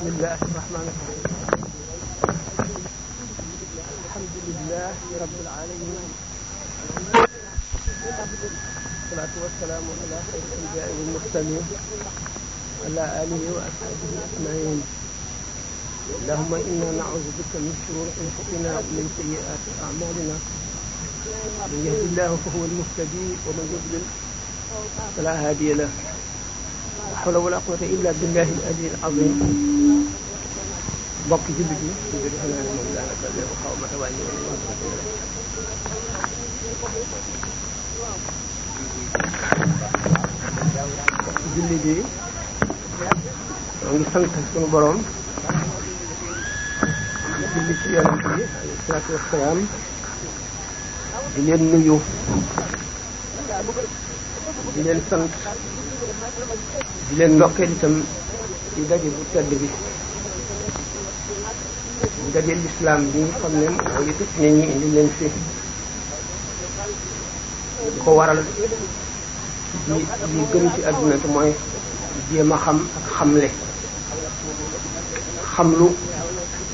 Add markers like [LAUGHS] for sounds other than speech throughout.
الله الرحمن الرحيم الحمد لله رب العالمين والصلاة والسلام على خير الأنبياء والمرسلين وعلى آله وأصحابه أجمعين اللهم إنا نعوذ بك من شرور أنفسنا ومن سيئات أعمالنا من يهد الله فهو المهتدي ومن يضلل فلا هادي له لا حول ولا قوة إلا بالله العلي العظيم mbokk jullit yi mbokk jullit yi maa ngi sant suñu borom di julli ci yonent bi alayhi salaatu wasalaam di nuyu di sant di ndokkeel itam ci daje bu tedd bi daje lislaam bi nga xam ne mooy tëj nit ñi indi leen fi ko waral di li gën ci àdduna bi mooy jéem a xam ak xamle xamlu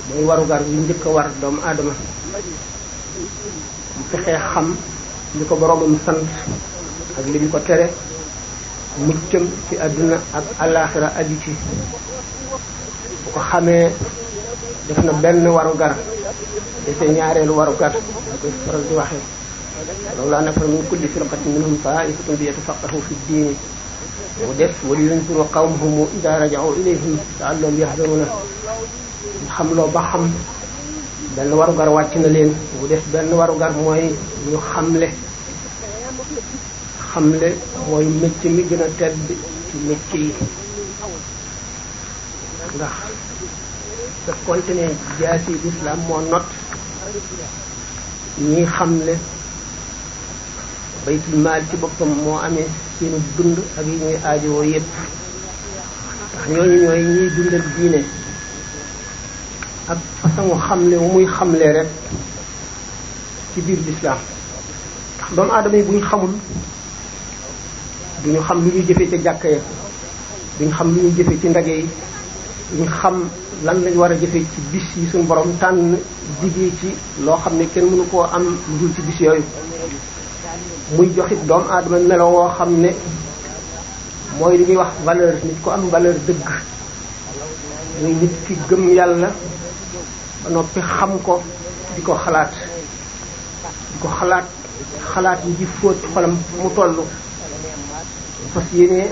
mooy warugar yu njëkk war doomu aadama mu fexee xam li ko boroomam sant ak li ñu ko tere muccam ci àdduna ak alaaxira aju ci bu ko xamee def na benn waru gar defee ñaareelu waru gar da koy faral di waxee loolu laa nafar min kulli firqatin minhum ta'ifatun li yatafaqahu fi diini mu def wala yunziru qawmahum ida raja'u ilayhim la'allahum yahdaruna xam loo ba xam benn waru wàcc na leen mu def benn waru gar mooy ñu xamle xamle mooy métier mi gën a tedd ci métier yi ndax daf konte ne jaasi l'islam moo not ñi xamle baytul maal ci boppam moo amee seenu bund ak yi ñuy aajowoo yépp ndax ñooñu ñooy ñuy dundal diine ak façon xamle wu muy xamle rek ci biir lislaam ndax doomu aadama yi bu ñu xamul duñu xam lu ñuy jëfee ca jàkka ya duñu xam lu ñuy jëfee ci ndaje yi ñu xam lan lañ war a jëfee ci bis yi suñu borom tànn digee ci loo xam ne kenn mënu koo am lu ci bis yooyu muy joxit doomu aadama melo woo xam ne mooy li ñuy wax valeur nit ko am valeur dëgg muy nit ki gëm yàlla ba noppi xam ko di ko xalaat di ko xalaat xalaat yi di fóot xolam mu toll fas yéene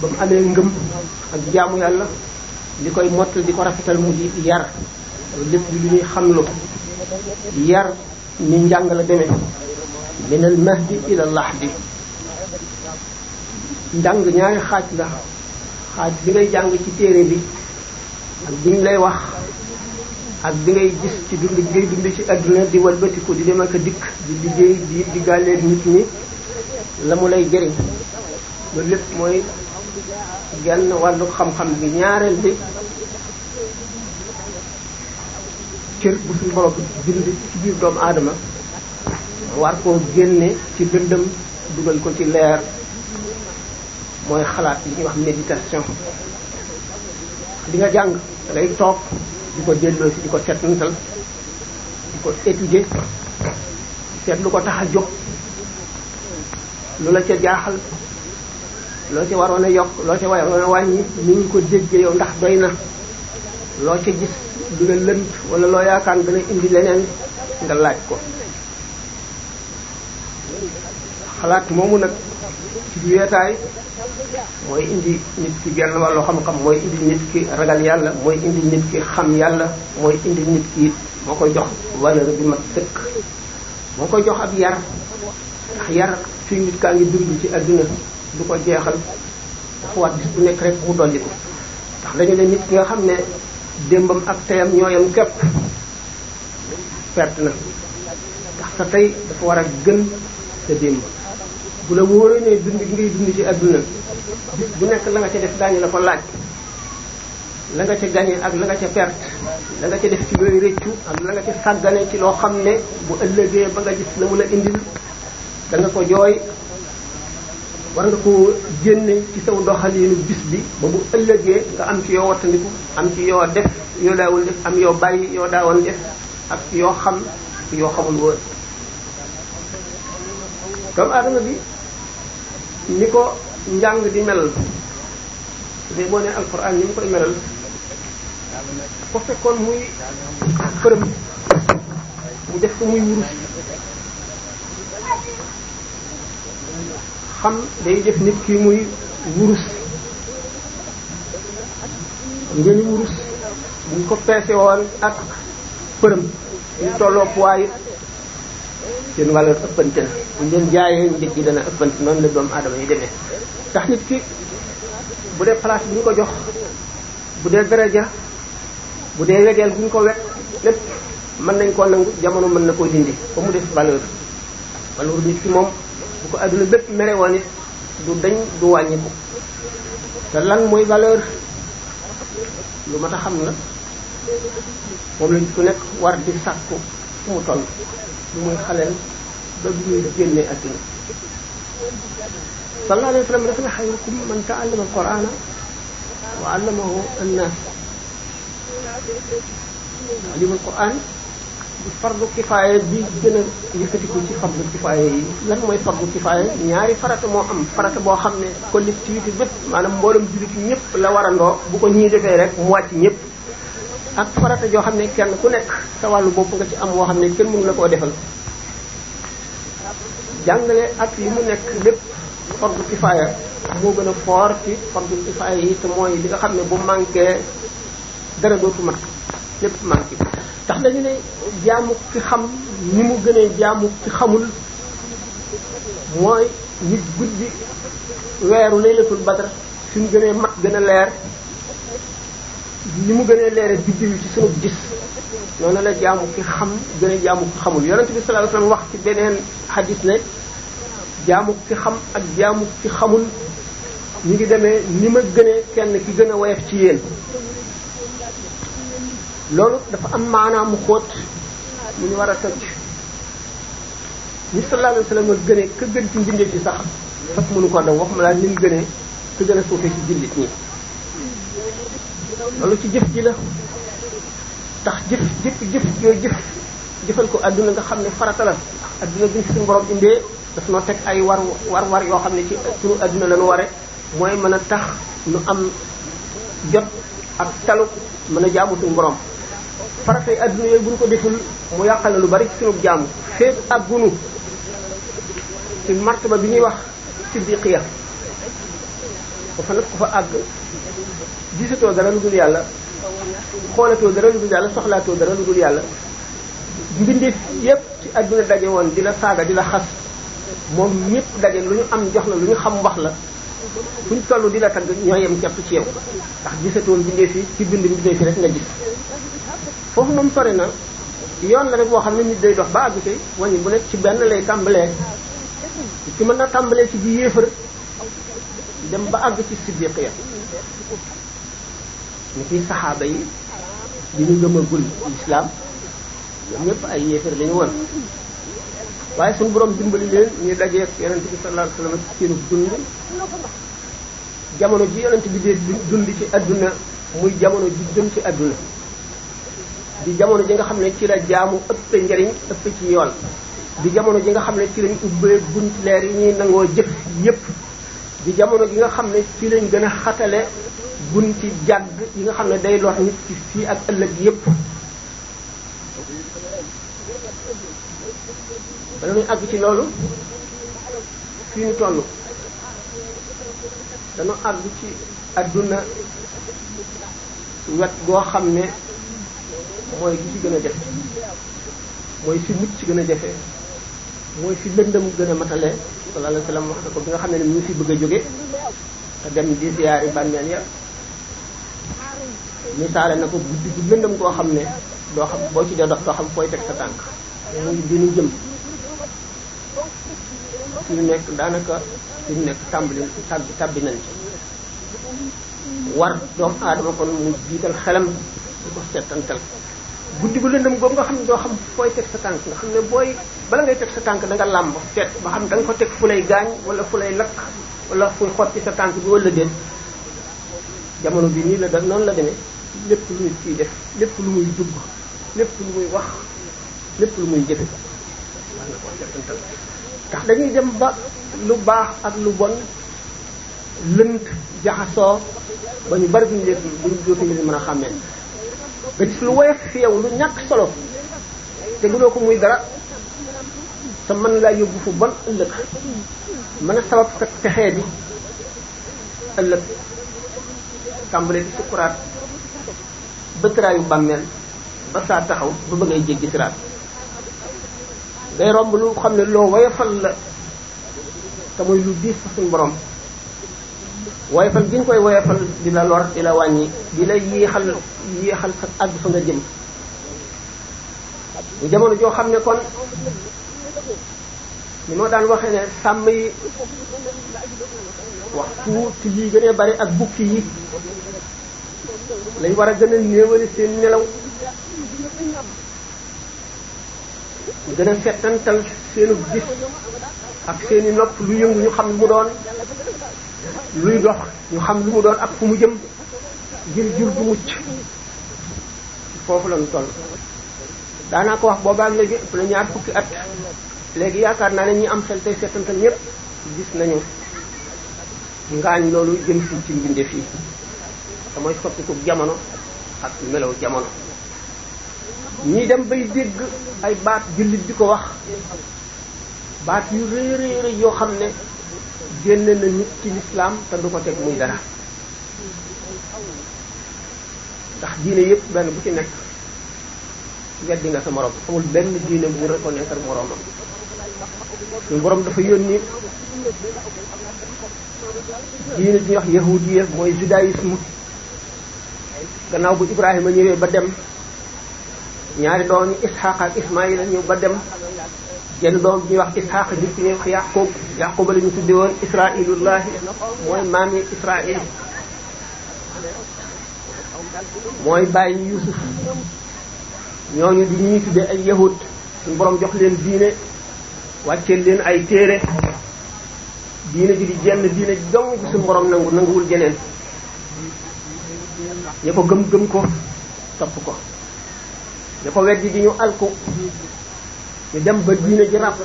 ba mu amee ngëm ak jaamu yàlla li koy mott di ko rafetal mu di yar lépp lu ñuy xamlu yar ni njàng la demee min al mahdi ila lahdi njàng ñaari xaaj la xaaj bi ngay jàng ci téere bi ak bi ñu lay wax ak bi ngay gis ci dund bi ngay dund ci àddina di walbatiku di dem ak dikk di liggéey di diggaaleeg nit ñi la mu lay jëriñ loolu lépp mooy genn wàllu xam-xam bi ñaareel bi cër bu suñu borom bind ci biir doomu aadama war koo génne ci lëndëm dugal ko ci leer mooy xalaat yi ñuy wax méditation li nga jàng da ngay toog di ko delloo si di ko seetantal di ko étudier seet lu ko tax a jóg lu la ca jaaxal loo ci waroon a yokk loo ci waroon a wàññi ni ñu ko déggee yow ndax doy na loo ci gis dina lënt wala loo yaakaar dina indi leneen nga laaj ko xalaat moomu nag ci weetaay mooy indi nit ki genn wàllu xam-xam mooy ragal yàlla mooy indi nit ki xam yàlla mooy indi nit ki moo koy jox valeur bi mag dëkk moo ko jox ab yar ndax yar fii nit kaa ngi dund ci adduna du ko jeexal xawaat bis bu nekk rek mu dolliku ndax dañu ne nit ki nga xam ne démbam ak teyam ñooyam képp perte na ndax sa tey dafa war a gën sa démb bu la wóoree ne dund gi ngay dund ci adduna bu nekk la nga ca def daañu la ko laaj la nga ca gagné ak la nga ca perte la nga ca def ci looy rëccu ak la nga ca sàggane ci loo xam ne bu ëllëgee ba nga gis la mu la indil da nga ko jooy war nga ko génne ci saw doxaliinu bis bi ba bu ëllëgee nga am ci yoo wattandiku am ci yoo def yoo daawul def def ak yoo xam yoo xamul woon doomu aadama bi ni ko njàng di melal de boo nee alxuraan ni mu koy melal ko fekkoon muy përëm mu def ko muy wurus xam day jëf nit ki muy wurus ngeen wurus buñ ko peese ak përëm ñu tolloo poids seen valeur ëppante buñ leen jaayee njëg gi dana ëppante noonu la doomu aadama yi demee tax nit ki bu dee place bi ñu ko jox bu dee daraja bu dee wegeel buñ ko wekk lépp mën nañ koo nangu jamono mën na koo dindi ba mu def valeur valeur nit ki moom bu ko adduna bépp mere woon it du dañ du wàññiku te lan mooy valeur lu mat a xam na moom lañ ku nekk war di sàkku fu mu toll lu muy xaleel ba muy génnee adduna sallallahu alayhi wa sallam daf ne xayrukum man ta'allama alqur'ana wa allamahu annas alimul qur'an fardu kifaaya bi gën a yëkkatiku ci fardu kifaaya yi lan mooy fardu kifaaya ñaari farata moo am farata boo xam ne collectivité bépp maanaam mboolem jullit ñëpp la warandoo bu ko ñii defee rek mu wàcc ñëpp ak farata joo xam ne kenn ku nekk sa wàllu bopp nga ci am moo xam ne kenn mënu la koo defal jàngale ak li mu nekk lépp fardu kifaaya moo gën a foor ci fardu kifaaya yi te mooy li nga xam ne bu manqué dara dootu mat lépp manqué tax nañu ne jaamu ki xam ni mu gënee jaamu ki xamul mooy nit guddi weeru laylatul badr fi mu gënee mat gën a leer ni mu gënee leere biddiw ci sunu gis noonu la jaamu ki xam gën a jaamu ki xamul yonent bi sallallahu alayhi wasallam wax ci beneen xadis ne jaamu ki xam ak jaamu ki xamul ñu ngi demee ni ma gënee kenn ki gën a woyof ci yéen loolu dafa am maanaam mu xóot mu ñu war a toj ni sallallahu alayhi wa sallam gënee ka gën ci mënu ko daw waxuma laa ni mu ka gën a suufee ci jullit ñi loolu ci jëf ji la tax jëf jëf jëfal ko adduna nga xam ne farata la adduna bi suñu borom indee daf noo teg ay war war war yoo xam ne ci turu adduna la ñu ware mooy mën a tax nu am jot ak talu mën a jaamu suñu borom faratay adduna yooyu bu ñu ko deful mu yàqal na lu bari ci sunu jaamu ak gunu ci martaba bi ñuy wax siddiqiya ba fa nag ku fa àgg gisatoo dara lu dul yàlla xoolatoo dara lu dul yàlla soxlaatoo dara lu dul yàlla mbindeef yépp ci adduna daje woon di la saaga di la xas moom ñépp daje lu ñu am jox la lu ñu xam wax la fuñ toll di la tagg ñoo yem kepp ci yow ndax gisatoo mbindeef yi ci bind mbindeef yi rek nga gis foofu moom sori na yoon la rek boo xam ne nit day dox ba àgg ci wàññi bu nekk ci benn lay tàmbalee ci mën na tàmbalee ci bi yéefar dem ba àgg ci siddiq ya ni kiy saxaaba yi bi ñu gëmagul lislaam ñoom ñëpp ay yéefar lañu woon waaye suñu borom dimbali leen ñu dajeek yonent bi sallallahu alayhi wasallam ci seenu dund jamono ji yonent bi dee dund ci adduna muy jamono ji jëm ci adduna di jamono ji nga xam ne ci la jaamu ëpp njariñ ëpp ci yoon di jamono ji nga xam ne ci lañ ubbee bunt leer yi ñuy nangoo jëf yépp di jamono ji nga xam ne ci lañ gën a xatale ci jàgg yi nga xam ne day lor nit ci fii ak ëllëg yépp bala muy àgg ci loolu fii nu toll dañu àgg ci adduna wet goo xam ne mooy gi ci gën a jafe mooy fi mucc ci gën a jafe mooy fi lëndëm gën a matale sallallahu alayhi wa wax na ko bi nga xam ne ni mu fi bëgg a jóge te dem di ziyaari bàmmeel ya misaale na ko guddi gu lëndëm koo xam ne doo xam boo ci dee dox doo xam fooy teg sa tànk muy bi jëm fi ñu nekk daanaka fi ñu nekk tàmbuli tàbbi tàbbi nañ ci war doomu aadama kon mu jiital xelam di ko seetantal guddi gu lëndëm boobu nga xam ne doo xam fooy teg sa tànk nga xam ne booy bala ngay teg sa tànk da nga làmb seet ba xam da nga ko teg fu lay gaañ wala fu lay lakk wala fuy xotti sa tànk bi wala déet jamono bi nii la da noonu la demee lépp lu nit kiy def lépp lu muy dugg lépp lu muy wax lépp lu muy jëfe war ndax dañuy dem ba lu baax ak lu bon lënt jaxasoo ba ñu bari duñu leen duñ dootuñu leen mën a xàmmee nga gis lu woyof fi yow lu ñàkk solo te gënoo ko muy dara te mën laa yóbbu fu bon ëllëg mën a sabab sa texee bi ëllëg tàmbale di sukuraat bëtëraayu bàmmeel ba saa taxaw ba ba ngay jéggi siraat day romb lu xam ne loo woyofal la te muy lu diis fa suñ borom woyofal gi ñu koy woyofal di la lor di la wàññi di la yéexal yéexal sa àgg fa nga jëm bu jamono joo xam ne kon li moo daan waxe ne sàmm yi waxtu tij yi gën a bari ak bukki yi lañ war a gën a néewali seen nelaw gën a fettantal seenu gis ak seeni nopp lu yëngu ñu xam mu doon luy dox ñu xam lu mu doon ak fu mu jëm ngir jur bu mucc foofu lañu toll daanaa ko wax boobaag léegi ëpp na ñaar fukki at léegi yaakaar naa ne ñi am xel tey seetantal ñëpp gis nañu ngaañ loolu jëm fii ci mbindeef yi te mooy jamono ak melaw jamono ñi dem bay dégg ay baat jullit di ko wax baat yu rëy rëy rëy yoo xam ne génne na nit ci lislaam te du ko teg muy dara ndax diine yépp benn bu ci nekk weddi nga sa morom amul benn diine bu reconnaître moromam suñu borom dafa yónni diine bi ñuy yahudiya mooy judaïsme gannaaw bu Ibrahima ñëwee ba dem ñaari doom yi Isxaq ak Ismaïla ñëw ba dem yenn doom ñuy wax Isxaaq di ci Yaqub Yaqub la ñu tudde woon Israilullahi mooy maami Israil mooy bàyyi Yusuf ñooñu di ñuy tudde ay yahud suñu borom jox leen diine wàcceel leen ay téere diine ji di jenn diine dong ci suñu borom nangu nanguwul jeneen ña ko gëm gëm ko topp ko ña ko weddi di ñu alku ñu dem ba diine ji ràpp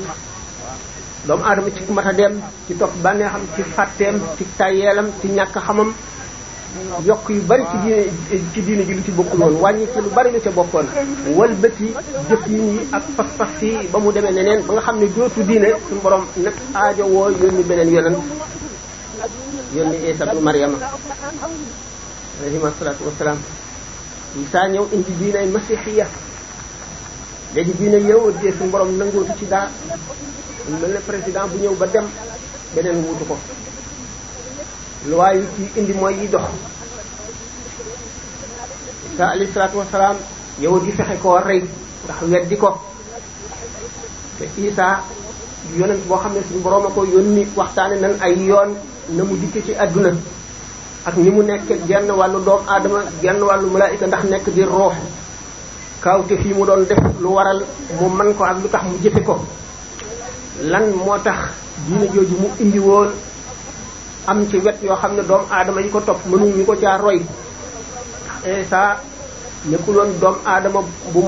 doomu aadama ci matadeem ci topp bànneexam ci fàtteem ci tayeelam ci ñàkk xamam yokk yu bari ci diine ci diine ji lu ci bokkul woon wàññi ci lu bari lu ca bokkoon walbati jëf yi ak pas-pas yi ba mu demee neneen ba nga xam ne dootu diine suñu borom nag aajo woo yónni beneen yonent yónni Isa bu Maryama alayhi ñëw indi diinay masixiya léegi diine yow dee suñu borom nangootu ci dara mel ne président bu ñëw ba dem beneen wutu ko loi yi ci indi mooy yi dox isa alayhi salaatu wasalaam yow di fexe ko rey ndax weddi ko te isa yonent boo xam ne suñu borom a ko yónni waxtaane nan ay yoon na mu dikke ci àdduna ak ni mu nekk genn wàllu doomu aadama genn wàllu malaayika ndax nekk di roox kawte fii mu doon def lu waral mu man ko ak lu tax mu jëfe ko lan moo tax diine jooju mu indi woon am ci wet yoo xam ne doomu aadama yi ko topp mënuñu ko caa roy Isa nekkuloon doomu aadama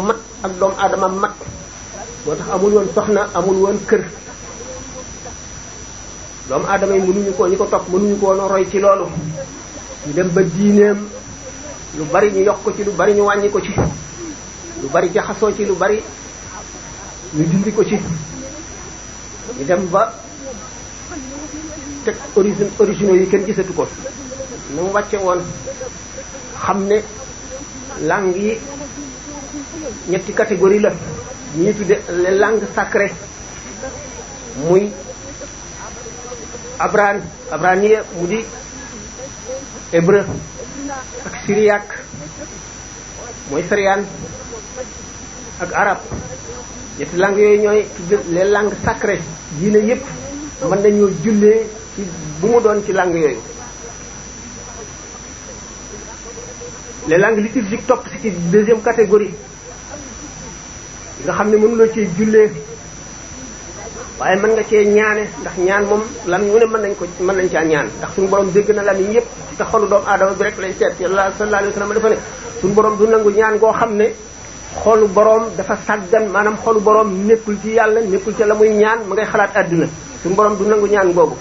mat ak doomu aadama mat moo tax amul woon soxna amul woon kër doomu aadama yi mënuñu ko ñi ko topp mënuñu ko ci loolu ñu dem ba diineem lu bari ñu yokk ko ci lu bari ñu wàññi ko ci lu bari jaxasoo ci lu bari ñu dindi ko ci ñu dem ba teg origine yi kenn gisatu ko nu mu wàcce woon xam ne langue yi ñetti catégorie la ñuy tudde les langues sacrées muy abran abranie mu di hébreu ak syriaque mooy syriane ak arab ñetti yooyu ñooy tudd les langues sacrées diine yépp mën nañoo jullee ci bu mu doon ci langues yooyu les langues liturgiques topp si ci deuxième catégorie yi nga xam ne mënuloo cee jullee waaye mën nga cee ñaane ndax ñaan moom lam ñu ne mën nañ ko mën nañ caa ñaan ndax suñu borom dégg na lam yi yépp te xolu doomu aadama bi rek lay seet yàlla sallallahu alayhi wa sallam dafa ne du nangu ñaan goo xam ne xolu borom dafa sàggan maanaam xolu boroom nekkul ci yàlla nekkul ci la muy ñaan mu ngay xalaat àdduna suñu boroom du nangu ñaan googu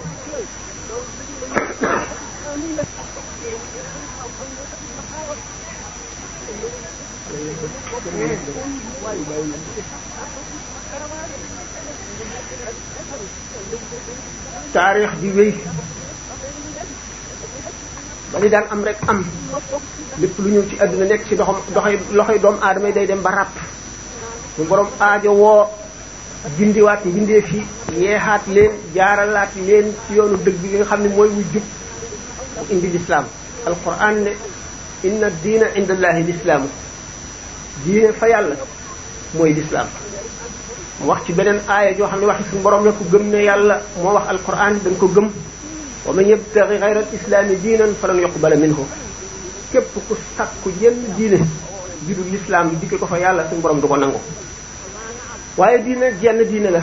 taarix bi wéy ba li daan am rek am lépp lu ñëw ci àdduna nekk ci doxam doxay loxoy doomu aadama day dem ba ràpp mu borom aajo woo gindiwaat mbindeef yi yeexaat leen jaaralaat leen ci yoonu dëgg bi nga xam ne mooy wu jub bu indi lislaam alquran ne inna diina inda allahi lislaamu diine fa yàlla mooy lislaam mu wax ci beneen aaya joo xam ne waxi suñu borom la ko gëm ne yàlla moo wax alquran dañ ko gëm wa man yabtaghi ghayra al-islaami diinan falan yuqbala minhu képp ku sakku yenn diine ju lislaam bi dikk ko fa yàlla suñu borom du ko nangu waaye diine jenn diine la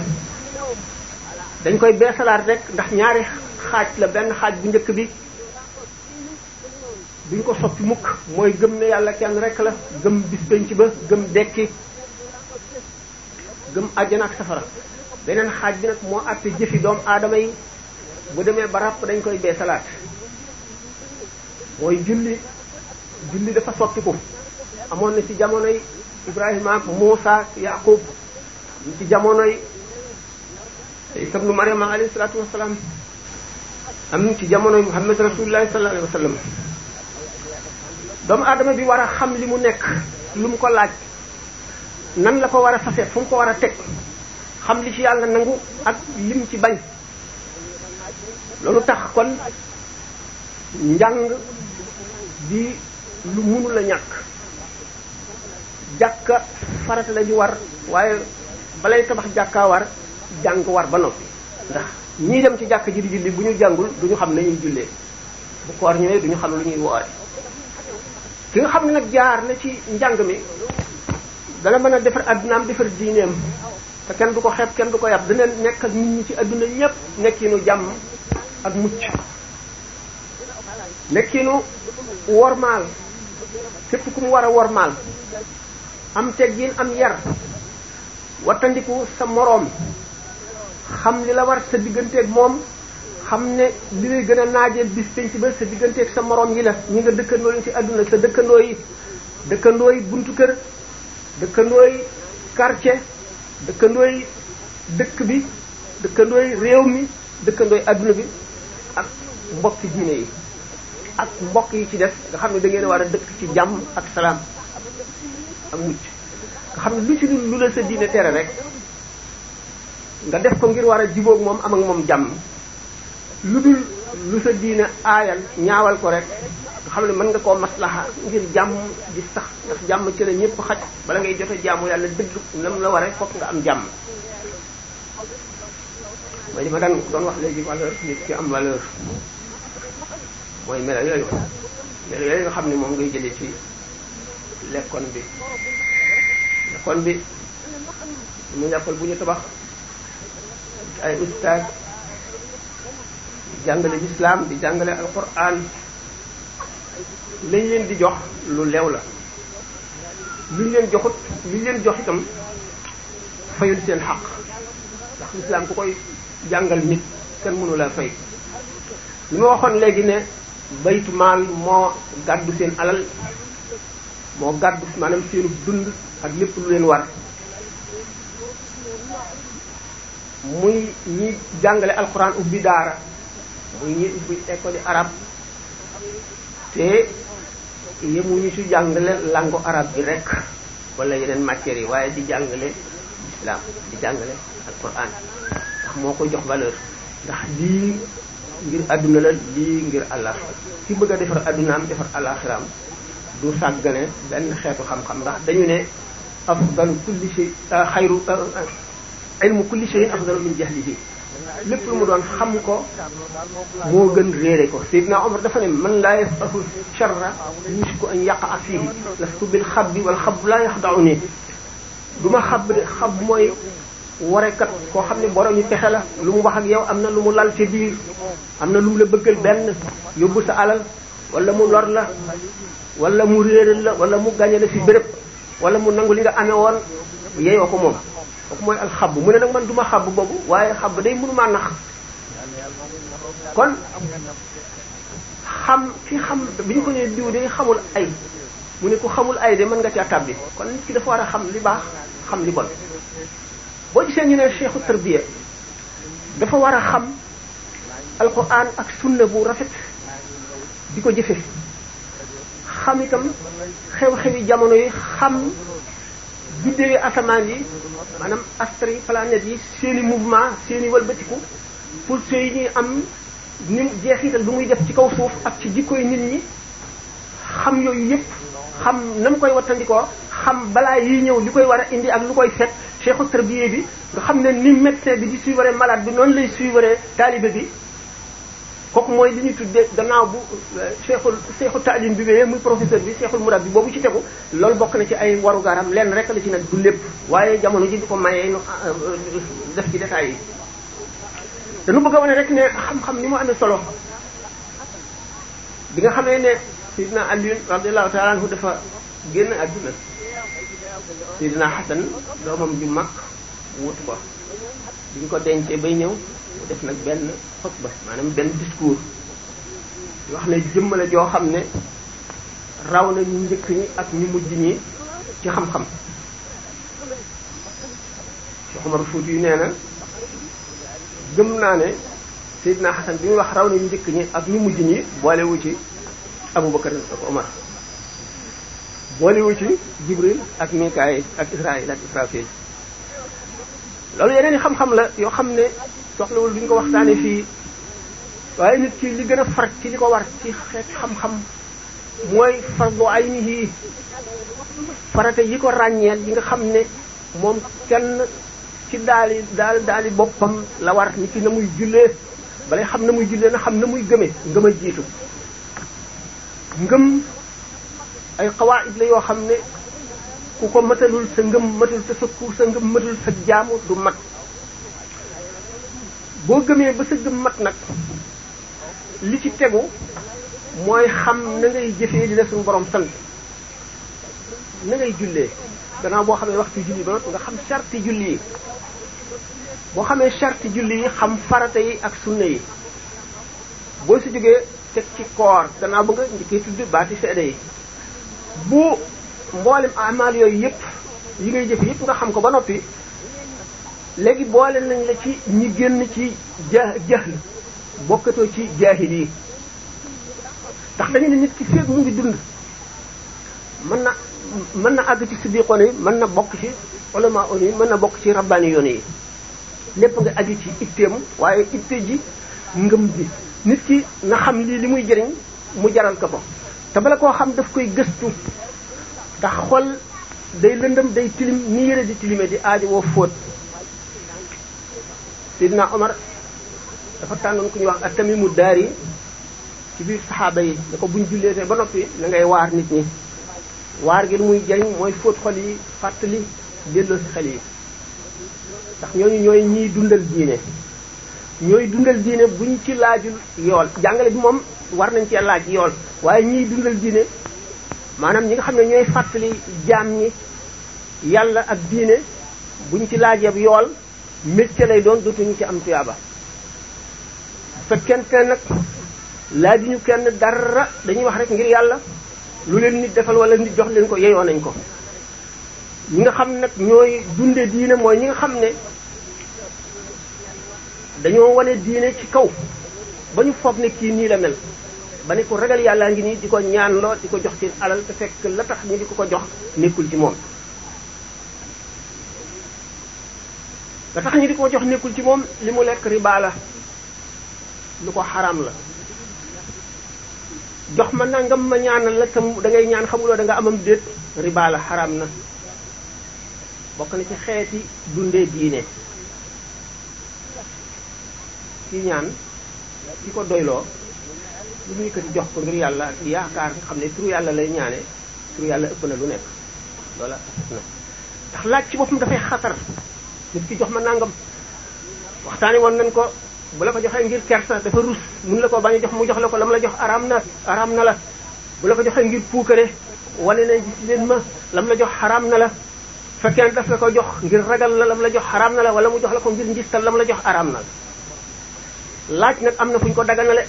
dañ koy beesalaat rekk ndax ñaari xaaj la benn xaaj bu njëkk bi duñ ko soppi mukk mooy gëm ne yàlla kenn rekk la gëm bis penc ba gëm dekki gëm àjjana ak safara beneen xaaj bi nag moo àtte jëfi doomu aadama yi bu demee ba ràpp dañ koy bee salaat mooy julli julli dafa soppiku amoon na ci jamonoy Ibrahima ak Muusa ak Yaqub ci jamonoy Isa ibnu Maryama alayhi salaatu wasalaam am ci jamonoy Muhammad rasulullahi sallallahu alayhi wa sallam doomu adama bi war a xam li mu nekk lu mu ko laaj nan la ko war a fase fu mu ko war a teg xam li ci yàlla nangu ak lim ci bañ loolu tax kon njàng bi lu munu la ñàkk jàkka farata la ñu war waaye balay tabax jàkkaa war jàng war ba noppi ndax ñii dem ci jàkk ji di julli bu ñu jàngul du ñu xam ne ñuy jullee bu koor ñëwee du ñu xam ne lu ñuy woore ki nga xam ne nag jaar na ci njàng mi dana mën a defar addunaam defar diineem te kenn du ko xeeb kenn du ko yàpp dana nekk ak nit ñi ci adduna yépp nekk yi nu jàmm ak mucc lekkinu wormaal képp ku mu war a wormaal am teggin am yar wattandiku sa moroom xam li la war sa digganteeg moom xam ne li lay gën a naajeel bis penc ba sa digganteeg sa moroom yi la ñi nga dëkkandoo yi ci àdduna sa dëkkandoo yi dëkkandoo yi buntu kër dëkkandoo yi quartier dëkkandoo yi dëkk bi dëkkandoo yi réew mi dëkkandoo yi àdduna bi ak mbokki diine yi ak mbokk yi ci def nga xam ne da war a dëkk ci jàmm ak salaam ak mucc nga xam ne lu dul lu sa diine tere rek nga def ko ngir war a jibóog moom am ak moom jàmm lu dul lu sa diine aayal ñaawal ko rek nga xam ne mën nga koo maslaha ngir jàmm di sax ndax jàmm ci la ñëpp xaj bala ngay jote jàmm yàlla dëgg nam la waree fokk nga am jàmm mooy li ma daan doon wax léegi valeur nit ki am valeur mooy melo yooyu melo yooyu nga xam ni moom ngay jëlee ci lekkoon bi lekkoon bi mu lekkoon bu ñu tabax ay ustaas jàngale lislaam di jàngale alquran lañ leen di jox lu leew la luñ leen joxut luñ leen jox itam fayul seen xaq ndax lislaam ku koy jàngal nit kenn mënula la fay li ma waxoon léegi ne baytu maal moo gàddu seen alal moo gàddu maanaam seenu dund ak lépp lu leen war muy ñi jàngale alxuraan ubbi daara muy ñi ubbi école arab te yemuñu ci jàngale lango arab bi rek walla yeneen matières yi waaye di jàngale l'islam di jàngale alquran ndax moo koy jox valeur ndax lii ngir adduna la lii ngir àllaaxira ki bëgg a defar addunaam defar àllaaxiraam du sàggane benn xeetu xam-xam ndax dañu ne afdalu kulli shay ah, xayru ah, ah, ilmu kulli shayin afdalu min jahlihi lépp lu mu doon xam ko moo gën réere ko Seydina Omar dafa ne man laa yafahu charra yusku an yaqa fihi lastu bil xabbi wal xabbu laa yaxda'uni du ma xab de xab mooy warekat koo xam ne borom yi pexe la lu mu wax ak yow am na lu mu lal ci biir am na lu mu la bëggal benn yóbbu sa alal wala mu lor la wala mu réeral la wala mu gañe la bërëb béréb wala mu nangu li nga amee woon yeyoo ko moom kooku mooy al xab mu ne nag man du ma xab boobu waaye xab day mënu maa nax kon xam fi xam bi ñu ko nee diw day xamul ay mu ne ku xamul ay de mën nga caa tàbbi kon nit ki dafa war a xam li baax xam li bon boo seen ñu ne cheikhu tarbiya dafa war a xam al alquran ak sunna bu rafet di ko jëfe xam itam xew-xewi jamono yi xam yi asamaan yi maanaam astre yi yi seeni mouvement seeni walbatiku pour yi ñuy am ni jeexital bi muy def ci kaw foofu ak ci jikkoy nit ñi xam yooyu yëpp xam na mu koy wattandikoo xam balaa yi ñëw li koy war a indi ak lu koy fekk cheikhu tarbiye bi nga xam ne ni médecin bi di suivre malaat bi noonu lay suivre taalibe bi kooku mooy li ñu tuddee gannaaw bu euh, cheikhul cheikhu taalim bi wee muy professeur bi cheikhul murab bi boobu ci tegu loolu bokk na ci ay waru garam lenn rek la ci nag du lépp waaye jamono ji du ko mayee nu euh, euh, def ci détails yi dañu bëgg a wane rek ne xam-xam ni mu amee solo nga xamee ne Seydina Ali radiyallahu ta'ala anhu dafa génn àdduna Seydina Xasan doomam ju mag wutu ko bi ñu ko dencee bay ñëw mu def nag benn ba maanaam benn discours yoo xam ne jëmm la joo xam ne raw na ñu njëkk ñi ak ñu mujj ñi ci xam-xam Cheikh Omar Fouti yi nee na gëm naa ne Seydina Xasan bi ñu wax raw na ñu njëkk ñi ak ñu mujj ñi boolewu ci abubakarin ak omar boolewu ci jibril ak mikaayil ak israil ak israfil loolu yeneen yi xam-xam la yoo xam ne soxlawul duñ ko waxtaane fii waaye nit ki li gën a far ci li ko war ci xeet xam-xam mooy fardu aynihi farata yi ko ràññeel yi nga xam ne moom kenn ci daali daal daali boppam la war nit ki na muy jullee balay xam na muy jullee na xam na muy gëme ngëm a jiitu ngëm ay xawaayid la yoo xam ne ku ko matalul sa ngëm matul sa sa ku sa ngëm matul sa du mat boo gëmee ba sa gëm mat nag li ci tegu mooy xam na ngay jëfee li la suñu borom sant na ngay jullee gannaaw boo xamee waxtu julli ba nga xam sarti julli yi boo xamee sarti julli yi xam farata yi ak sunna yi boo si jógee teg ci koor gannaaw ba nga njëkkee tudd baati seede yi bu mboolem amaal yooyu yëpp yi ngay jëf yëpp nga xam ko ba noppi léegi boole nañ la ci ñi génn ci ja jahl bokkatoo ci jaahil yi ndax dañu ne nit ki feeg mu ngi dund mën na mën na àgg ci siddiqoon yi mën na bokk ci ulama on yi mën na bokk ci rabbaani yoon yi lépp nga aju ci itteem waaye itte ji ngëm bi nit ki na xam lii li muy jëriñ mu jaral ko ko te bala koo xam daf koy gëstu ndax xol day lëndëm day tilim ni yére di tilime di aajo woo fóot Sidna Omar dafa tànnoon ku ñuy wax ak tamimu daar yi ci biir saxaaba yi da ko buñ julleetee ba noppi na ngay waar nit ñi waar gi lu muy jëriñ mooy fóot xol yi fàttali delloo si xel yi ndax ñooñu ñooy ñiy dundal diine ñooy dundal diine buñ ci laajul yool jàngale bi moom war nañ cee laaj yool waaye ñiy dundal diine maanaam ñi nga xam ne ñooy fàttali jaam ñi yàlla ak diine buñ ci laajee yool métier lay doon dootuñu ci am tuyaaba fekkente nag laaj ñu kenn dara dañuy wax rek ngir yàlla lu leen nit defal wala nit jox leen ko yeyoo nañ ko ñi nga xam nag ñooy dunde diine mooy ñi nga xam ne dañoo wane diine ci kaw ba ñu foog ne kii nii la mel ba ne ku ragal yàllaa ngi nii di ko ñaan loo di ko jox seen alal te fekk la tax ñu di ko ko jox nekkul ci moom la tax ñu jox nekkul ci moom li mu lekk ribaala lu ko xaram la jox man ma nangam ma ñaanal la tam da ngay ñaan xamuloo da nga amam déet riba la xaram na bokk na ci xeeti dundee diine ci ñaan di ko doyloo lu muy yëkkati jox ko ngir yàlla yaakaar nga xam ne turu yàlla lay ñaane turu yàlla ëpp na lu nekk loola na ndax laaj ci boppam dafay xatar nit ki jox ma nangam waxtaane woon nañ ko bu la ko joxee ngir kersa dafa rus mun la ko bañ a jox mu jox la ko la mu la jox araam na na la bu la ko joxee ngir puukare wane na gis leen ma la la jox xaraam na la fekkee daf la ko jox ngir ragal la la mu la jox xaraam na la wala mu jox la ko ngir njistal la mu la jox araam na laaj nag am na fu ñu ko daganale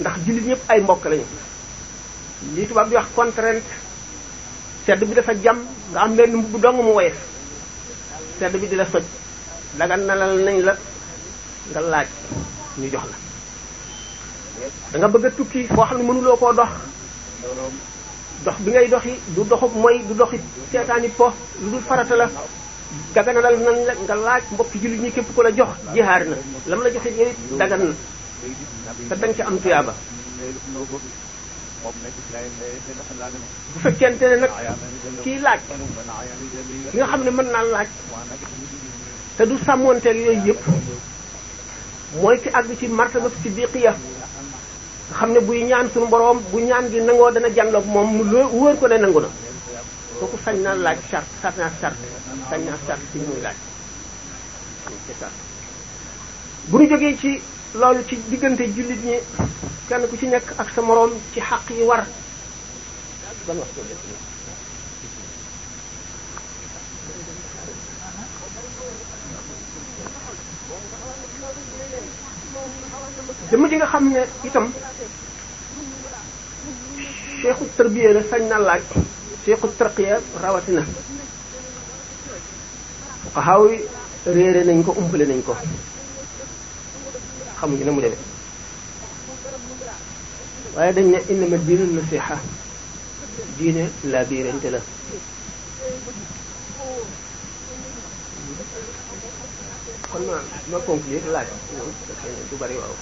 ndax jullit ñëpp ay mbokk lañu lii tubaab di wax contrainte sedd bi dafa jam nga am benn bu dong mu woyef sedd bi di la soj daganalal nañ la nga laaj ñu jox la danga bëgg a tukki foo xam ne mënuloo koo dox dox bi ngay doxi du doxub mooy du doxi seetaani po lu dul farata la daganalal nan la nga laaj mbokk jullit ñi képp ku la jox jihaar na la joxe yow it dagan te dañ ci am tuyaaba bu fekkente kii laaj nga xam ne mën naa laaj te du sàmmonteel yooyu yëpp mooy ki àgg ci martaba siddiqiya nga xam ne buy ñaan suñu boroom bu ñaan gi nangoo dana jànloog moom mu wóor ko ne nangu na kooku sañ naa laaj charte sañ naa charte sañ naa sax ci ñuy laaj ci bu ñu jógee ci loolu ci diggante jullit ñi kenn ku ci nekk ak sa moroom ci xaq yi war ban waxtu nga xam ne itam cheikhu tarbiya la sañ na laaj cheikhu tarqiya rawatina fuqahaa réere nañ ko umpale nañ ko xamuñu na mu demee waaye dañ ne innama diinu nasiha diine laa biirante la kon ma ma conclure laaj du bari waaw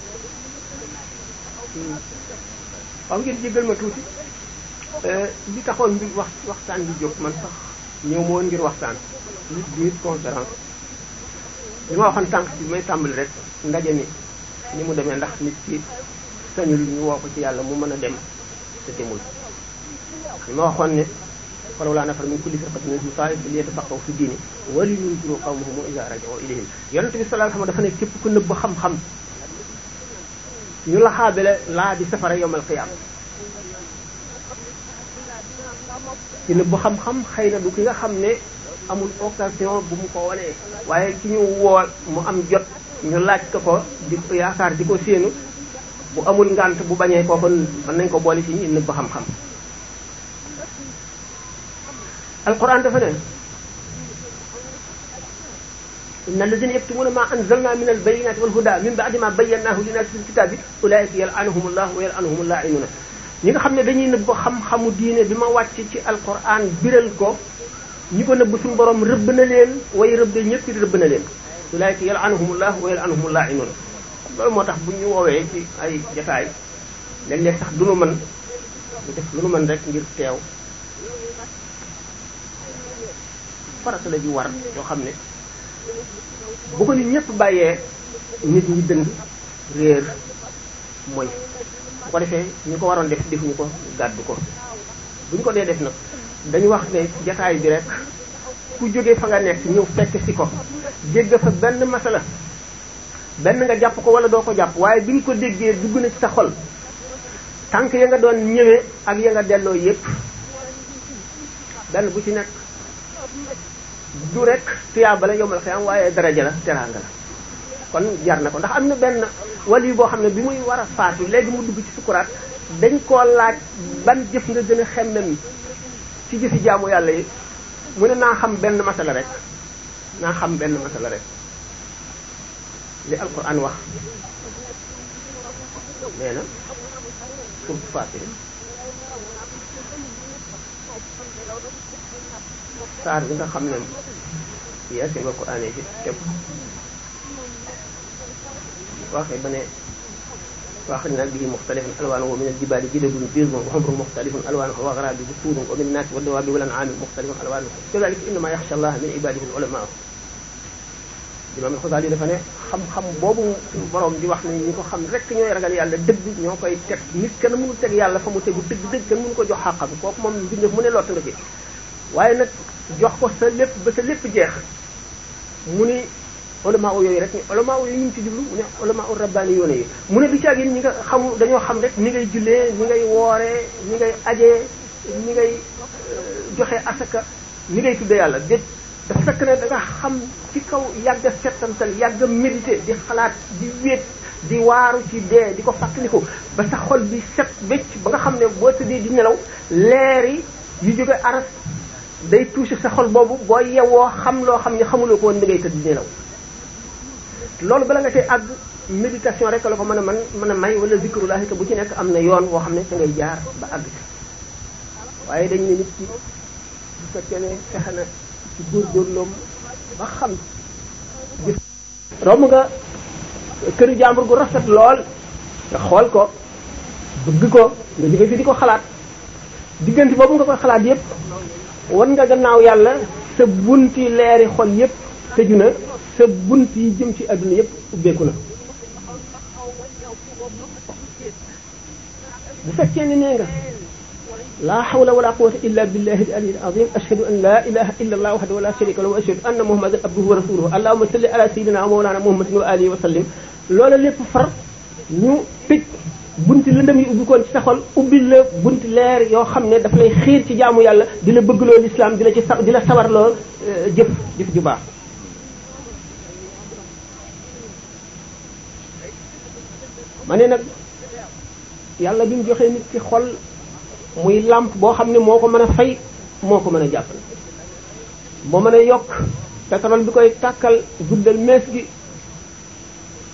waaw ngir jéggal ma tuuti eh, li taxoon bi wax waxtaan bi jóg man sax ñëw ma ngir waxtaan huit biir conférence li ma waxoon tànk bi may tàmbali rek ndaje mi ni mu demee ndax nit ci sañul ñu woo ko ci yàlla mu mën a dem te demul li ma waxoon ne falawlaa nafara min kulli firqatin min taa'ifatan liyatafaqqahu fi diini wa liyunziru qawmahum idhaa raja'uu ilayhim yonent bi sallallahu alayhi wa sallam dafa ne képp ku nëbb xam-xam ñu la laa di safara yawmal qiyaama ci nëbb xam-xam xëy na du ki nga xam ne amul occasion bu mu ko wanee waaye ki ñu woo mu am jot ñu laaj ko ko di yaakaar di ko séenu bu amul ngànt bu bañee koo kon mën nañ ko boole ci ñu nëbb xam-xam alquran dafa ne inna alladina a ma anzalna min albayinati walhuda min ba'di ma bayyanahu linnaasi fil kitaabi ulaika yal'anuhum allah wa yal'anuhum allaa'inuuna ñi nga xam ne dañuy nëbb xam-xamu diine bi ma wàcc ci alquran biral ko ñi ko nëbb suñu borom rëbb na leen way rëbbe ñëpp it rëbb na leen ulaayka yal'anuhumullah wa yal'anuhumu laa'inuun loolu moo tax bu ñu woowee ci ay jataay léeg-léeg sax du nu mën ñu lu nu mën rekk ngir teew farata ju war yoo xam ne bu ko nit ñëpp bàyyee nit ñi dënd réer mooy bu ko defee ñu ko waroon def defuñu ko gàddu ko bu ñu ko dee def nag dañu wax ne jataay bi rek ku jóge fa nga nekk ñëw fekk si ko dégg fa benn masala benn nga jàpp ko wala doo ko jàpp waaye bi nga ko déggee dugg na ci sa xol tànk ya nga doon ñëwee ak ya nga delloo yépp benn bu ci nekk du rek tuyaaba la yombal xiyam waaye daraja la teraanga la kon jar na ko ndax am na benn wali boo xam ne bi muy war a faatu léegi mu dugg ci sukuraat dañ koo laaj ban jëf nga gën a xemmem ci jëfi jaamu yàlla yi mu ne naa xam benn masala rek naa xam benn masala rek li alquran wax nee na suuf Fatir saar bi nga xam ne yaasin ba Quraan yi ci tegu ba ne وأخرجنا به مختلف ألوانه ومن الجبال جدد بيض وحمر مختلف ألوانه وغراب سود ومن الناس والدواب والأنعام مختلف ألوانه كذلك إنما يخشى الله من عباده العلماء imaam alxosaali dafa ne xam-xam boobu suñu borom di wax ne ñi ko xam rek ñooy ragal yàlla dëgg ñoo koy teg nit kenn mënu teg yàlla fa mu tegu dëgg dëgg kenn mënu ko jox xàqam kooku moom mbindéef mu ne lott nga ci waaye nag jox ko sa lépp ba sa lépp jeex mu ni ulama yooyu rek ne ulama yi ñu ci jublu mu ne ulama rabbaani yoone yi mu ne du caagin ñi nga xamu dañoo xam rek ni ngay jullee ni ngay wooree ni ngay ajee ni ngay euh, joxe asaka ni ngay tudde yàlla déet dafa fekk ne da nga xam ci kaw yàgg a settantal yàgg a médité di xalaat di wéet di waaru ci dee di ko fàttaliku ba sa xol bi set bëcc ba nga xam ne boo tëddee di nelaw leeri yu jóge aras day touché sa xol boobu boo yewoo xam loo xam ne xamuloo ko woon ni ngay tëdd di nelaw loolu bala nga see àgg méditation rek la ko mën a man mën a may wala zikrullahi te bu ci nekk am na yoon woo xam ne da ngay jaar ba àgg ci waaye dañ ne nit ki bu fekkee ne fexe na ci góorgóorloom ba xam jëf romb nga këru jàmbur gu rafet lool nga xool ko bëgg ko nga jóge di ko xalaat diggante boobu nga koy xalaat yépp wan nga gannaaw yàlla sa bunti leeri xol yépp tëju na sa bunt yi jëm ci àdduna yépp ubbeeku na bu fekkee ne nee nga laa hawla wala quwwata illa billahi al aliyyil azim ashhadu an laa ilaha illa allah wahdahu la sharika lahu wa ashhadu anna muhammadan abduhu wa rasuluhu allahumma salli ala sayyidina mawlana muhammadin wa alihi wa sallim loola lépp far ñu tëj bunti lëndëm yi ubbi koon ci sa ubbi la bunti leer yoo xam ne daf lay xiir ci jaamu yàlla di la bëggloo lislaam di la ci sa di la sawarloo euh, jëf jëf ju baax ma nag yàlla bi mu joxee nit ki xol muy làmp boo xam ne moo ko mën a fay moo ko mën a jàppale moo mën a yokk pétrole bi koy tàkkal guddal mees gi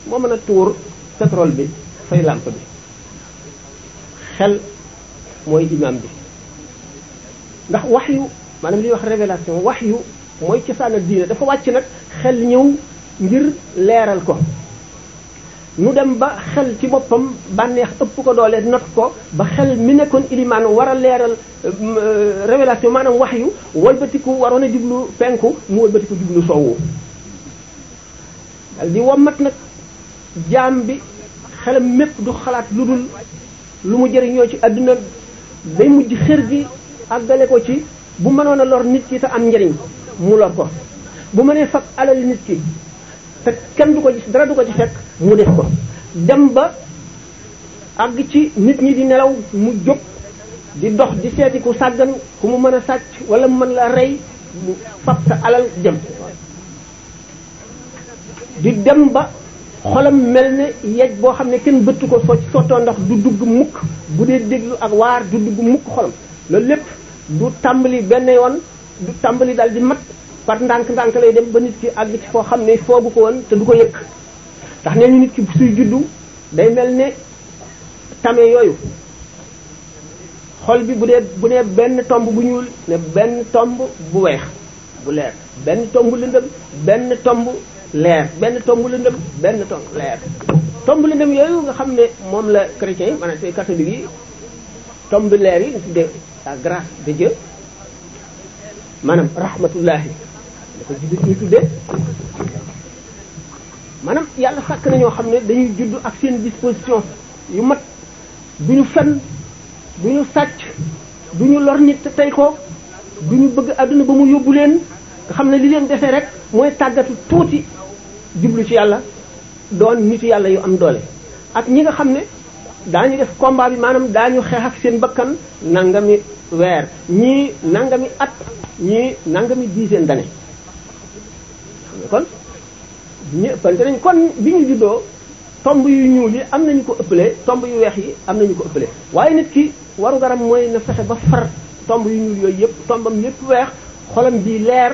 moo mën a tuur pétrole bi fay làmp bi xel mooy imaam bi ndax wax yu maanaam li ñuy wax révélation wax yu mooy cosaana diine dafa wàcc nag xel ñëw ngir leeral ko mu dem ba xel ci boppam bànneex ëpp ko doole not ko ba xel mi nekkoon ilimaan war a leeral euh, euh, révélation maanaam wax yu walbatiku waroon a jublu penku mu walbatiku jublu sowwu dal di wommat nag jaam bi xelam mépp du xalaat lu dul lu mu jëriñoo ci àdduna day mujj xër gi àggale ko ci bu mënoon a lor nit ki te am njariñ mu lor ko bu mënee fab alal nit ki te kenn du ko gis dara du ko ci fekk mu def ko dem ba àgg ci nit ñi di nelaw mu jóg di dox di seeti ku sàggan ku mu mën a sàcc wala mu mën la rey mu fab sa alal jëm di dem ba xolam mel ni yej boo xam ne kenn bëttu ko ci soto ndox du dugg mukk bu dee déglu ak waar du dugg mukk xolam loolu lépp du tàmbali benn yoon du tàmbali daal di mat par ndànk-ndànk lay dem ba nit ki àgg ci foo xam ne foogu ko woon te du ko yëkk ndax nee ñu nit ki suy juddu day mel ne tame yooyu xol bi bu dee bu nee benn tomb bu ñuul ne benn tomb bu weex bu leer benn tomb lëndëm benn tomb leer benn tomb lëndëm benn tomb leer tomb lëndëm yooyu nga xam ne moom la chrétien yi maanaam catholique yi tomb leer yi ñu tuddee la grâce de Dieu maanaam rahmatullahi ko judd ñu yàlla sàkk na ñoo xam ne dañuy judd ak seen disposition yu mat ñu fen duñu sàcc du ñu lor nit tey ko ñu bëgg àdduna ba mu yóbbu leen nga xam ne li leen desee rek mooy tàggatu tuuti jublu ci yàlla doon nitu yàlla yu am doole ak ñi nga xam ne daañu def combat bi maanaam daañu xeex ak seen bakkan nangami weer ñii nangami at ñii nangami dizaine d'années kon ñu ëppante kon bi ñu juddoo tomb yu ñuul yi am nañu ko ëppalee tomb yu weex yi am nañu ko ëppalee waaye nit ki waru garam mooy na fexe ba far tomb yu ñuul yooyu yëpp tombam yëpp weex xolam bi leer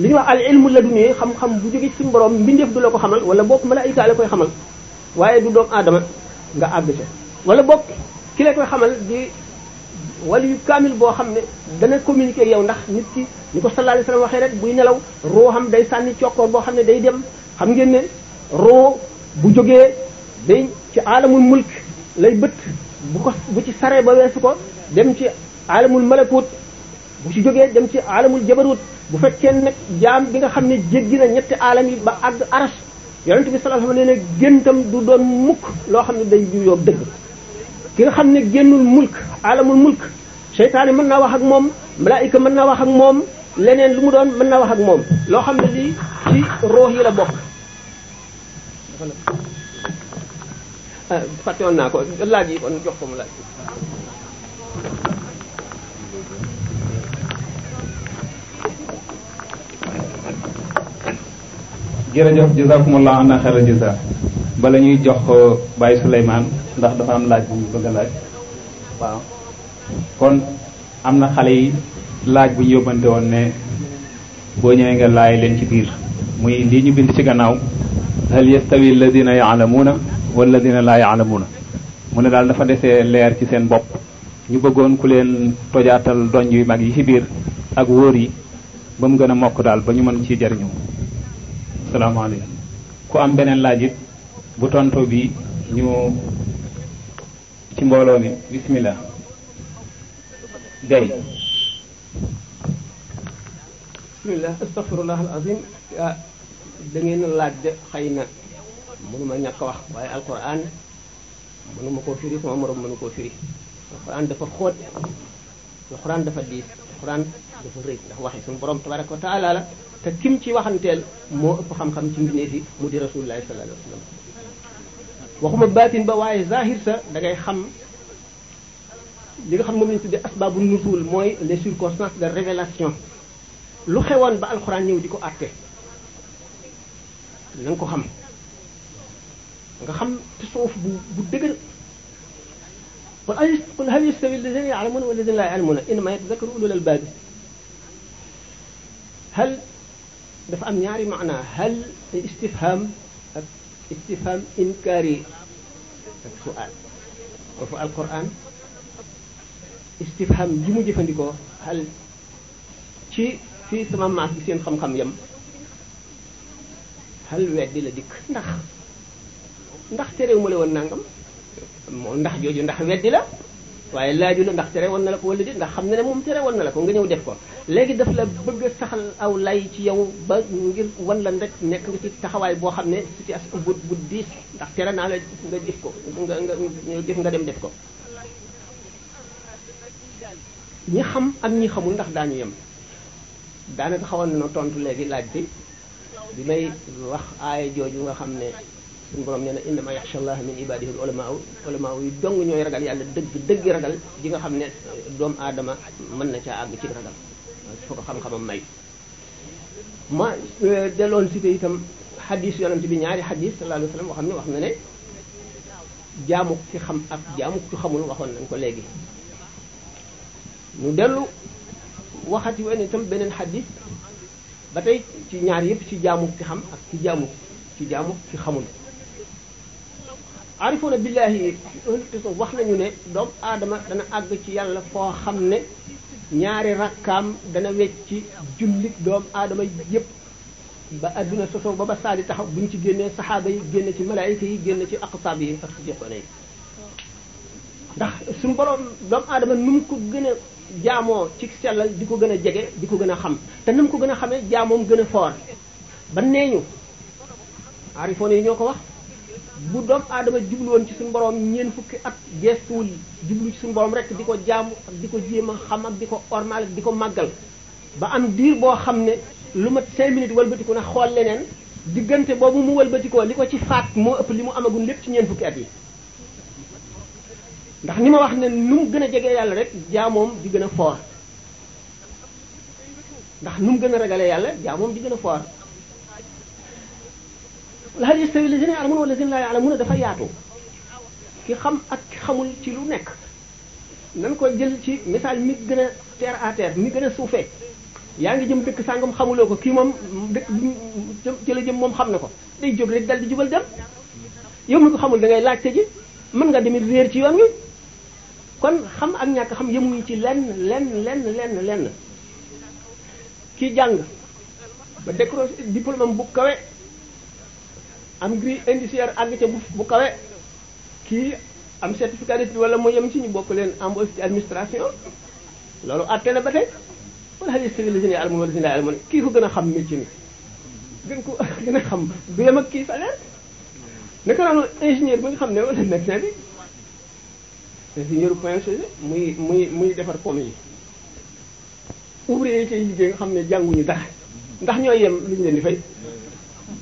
li ñuy wax al ilmu laduni xam-xam bu jóge ci suñu borom mbindeef du la ko xamal wala bokk malaayika la koy xamal waaye du doomu aadama nga àgg ca wala bokk ki la koy xamal di wala yu kaamil boo xam ne dana communiquer yow ndax nit ki ni ko sallallahu alayhi wasallam waxee rek buy nelaw roo xam day sànni cokkoor boo xam ne day dem xam ngeen ne roo bu jógee day ci alamul mulk lay bët bu ko bu ci saree ba weesu ko dem ci alamul malakut bu ci jógee dem ci alamul jabarut bu fekkee nag jaam bi nga xam ne jéggi na ñetti alam yi ba àgg aras yonent bi sallallahu alayhi wasallam nee na géntam du doon mukk loo xam ne day juyoo dëgg ki nga xam ne génnul mulk alamul mulk seytaane mën naa wax ak moom malaayika mën naa wax ak moom leneen lu mu doon mën na wax ak moom loo xam ne lii ci roox yi la bokk euh, fàttewoon naa ko laaj yi kon jox ko mu laaj jërëjëf jazakumullah ana xayra jaza bala ñuy jox Baye Souleymane ndax dafa am laaj bu ñu laaj waaw kon am na xale yi laaj bu ñu yóbbante woon ne boo ñëwee nga laay leen ci biir muy lii ñu bind ci gannaaw hal yastawi alladina yaalamuuna walladina laa yaalamuuna mu ne daal dafa dese leer ci seen bopp ñu bëggoon ku leen tojaatal donj yi mag yi ci biir ak wóor yi ba mu gën a mokk daal ba ñu mën ci jariñu salaamaaleykum ku am beneen laaj it bu tonto bi ñu ci mbooloo mi bismillah day bismillah astaghfirullah al azim ah da de xëy na mënuma ñàkk wax waaye alquran mënuma koo firi sama morom mënu koo firi alquran dafa xóot alquran dafa diis alquran dafa rëy ndax waxe suñu borom tabaraka wa taala la te kim ci waxanteel moo ëpp xam-xam ci mbindeef yi mu di rasulullahi sallallahu alayhi wa sallam waxuma baatin ba waaye zahir sa da ngay xam li nga xam moom lañu tuddee asbaabu nuzul mooy les circonstances de révélation lu xewoon ba alxuraan ñëw di ko àtte na xam nga xam tasawuf bu bu dëgër hal yastawi alladina ya'lamuna wa alladina la ya'lamuna innama yatadakkaru ulul albaabi hal dafa am ñaari maanaa hal istifham ak istifham inkaari ak su'aal foofu alquran istifham ji mu jëfandikoo hal ci fii sama maas bi seen xam-xam yam xal weddi la dikk ndax ndax terew ma la woon nangam moo ndax jooju ndax weddi la waaye laaju la ndax tere woon na la ko wala déet ndax xam na ne moom tere woon na la ko nga ñëw def ko léegi daf la bëgg a saxal aw lay ci yow ba ngir wan lan rek nekk nga ci taxawaay boo xam ne situation bu bu diis ndax tere naa la nga jëf ko nga nga jëf nga dem def ko ñi xam ak ñi xamul ndax daañu yem daanaka xawoon na tontu léegi laaj bi bi may wax aaya jooju nga xam ne suñu borom nee na innama yaxsha allah min ibadihi ulamaaw ulamaaw yi dong ñooy ragal yàlla dëgg dëgg ragal ji nga xam ne doomu aadama mën na caa àgg ci ragal foo ko xam-xamam may ma euh, delloon cité itam xadis yonent bi ñaari xadis sallallahu alayhi wasallam waxam ne wax na ne jaamu ci xam ak jaamuk ci xamul waxoon nañ ko léegi ñu dellu yi woon tam beneen xadis ba tey ci ñaar yëpp ci jaamu ki xam ak ci jaamu ki jaamu ci xamul arifoona billaahi wax nañu ne doomu aadama dana àgg ci yàlla foo xam ne ñaari rakkaam dana wecc ci jullit doomu aadama yëpp ba adduna sosoo ba ba saadi taxaw ñu ci génnee saxaaba yi génn ci malaayika yi génn ci aqtaab yi ak si joxoone yi ndax suñu borom doomu aadama nu mu ko gën jaamoo ci sellal di ko gën a jege di ko gën a xam te nam ko gën a xamee jaamoom gën a foor ban nee ñu arifoon yi ñoo ko wax bu doom aadama jublu woon ci suñu borom ñeent fukki at geestuwul jublu ci suñu borom rek di ko jaamu ak di ko jéem a xam ak di ko ormal ak di ko màggal ba am diir boo xam ne lu mat cinq minutes walbatiku na xool leneen diggante boobu mu walbatikoo li ko ci faat moo ëpp li mu amagun lépp ci ñeen fukki at yi ndax ni ma wax ne nu mu gën a jege yàlla rek jaamoom di gën a foor ndax nu mu gën a ragale yàlla jaamoom di gën a foor hal yastawi lazina ya'lamuuna wa lazina laa ya'lamuuna dafa yaatu ki xam ak xamul ci lu nekk nan ko jël ci misaal mi gën a terre à terre mi gën a suufee yaa ngi jëm dëkk sàngam xamuloo ko kii moom dëkk ci a jëm moom xam ne ko day jóg rek dal di jubal dem yow mi ko xamul da ngay laajte ji mën nga demit réer ci yoon wi kon xam ak ñàkk xam yemuñu ci lenn lenn lenn lenn lenn ki jàng ba décroché diplôme am bu kawe am grille indiciaire àgg ca bu bu kii am certificat d'étude wala mu yem ci ñu bokk leen embauche ci administration loolu àtte na ba tey wala xale sëriñ la si ne alamun wala si ne alamun kii ko gën a xam métier mi gën ko [LAUGHS] gën a xam du yem ak kii salaire naka noonu ingénieur bi nga xam ne wala médecin bi ingénieur peintre muy muy muy defar pom yi ouvrier yi cay liggéey nga xam ne jànguñu dara ndax ñoo yem lu ñu leen di fay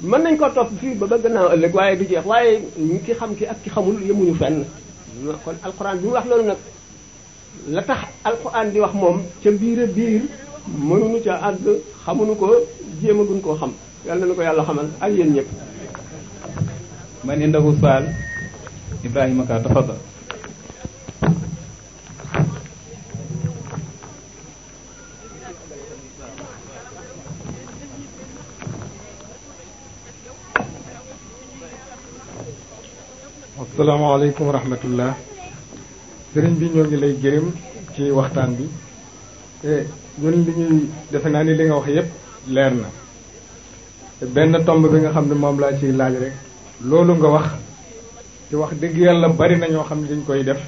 mën nañ ko topp fii ba ba gannaaw ëllëg waaye du jeex waaye ñu ki xam ki ak ki xamul yemuñu fenn kon alxuraan bi mu wax loolu nag la tax alxuraan di wax moom ca biir a biir mënuñu ca àgg xamuñu ko jéemaguñ koo xam yàlla na ko yàlla xamal ak yéen ñëpp man indahu saal Ibrahima ka tafadal salaamaaleykum wa rahmatullah sëriñ bi ñoo ngi lay gërëm ci waxtaan bi eh, ñun li ñuy defe naa ni li nga wax yépp leer na benn tomb bi nga xam ne moom laa ciy laaj rek loolu nga wax ci wax dëgg yàlla bari na ñoo xam ne dañ koy def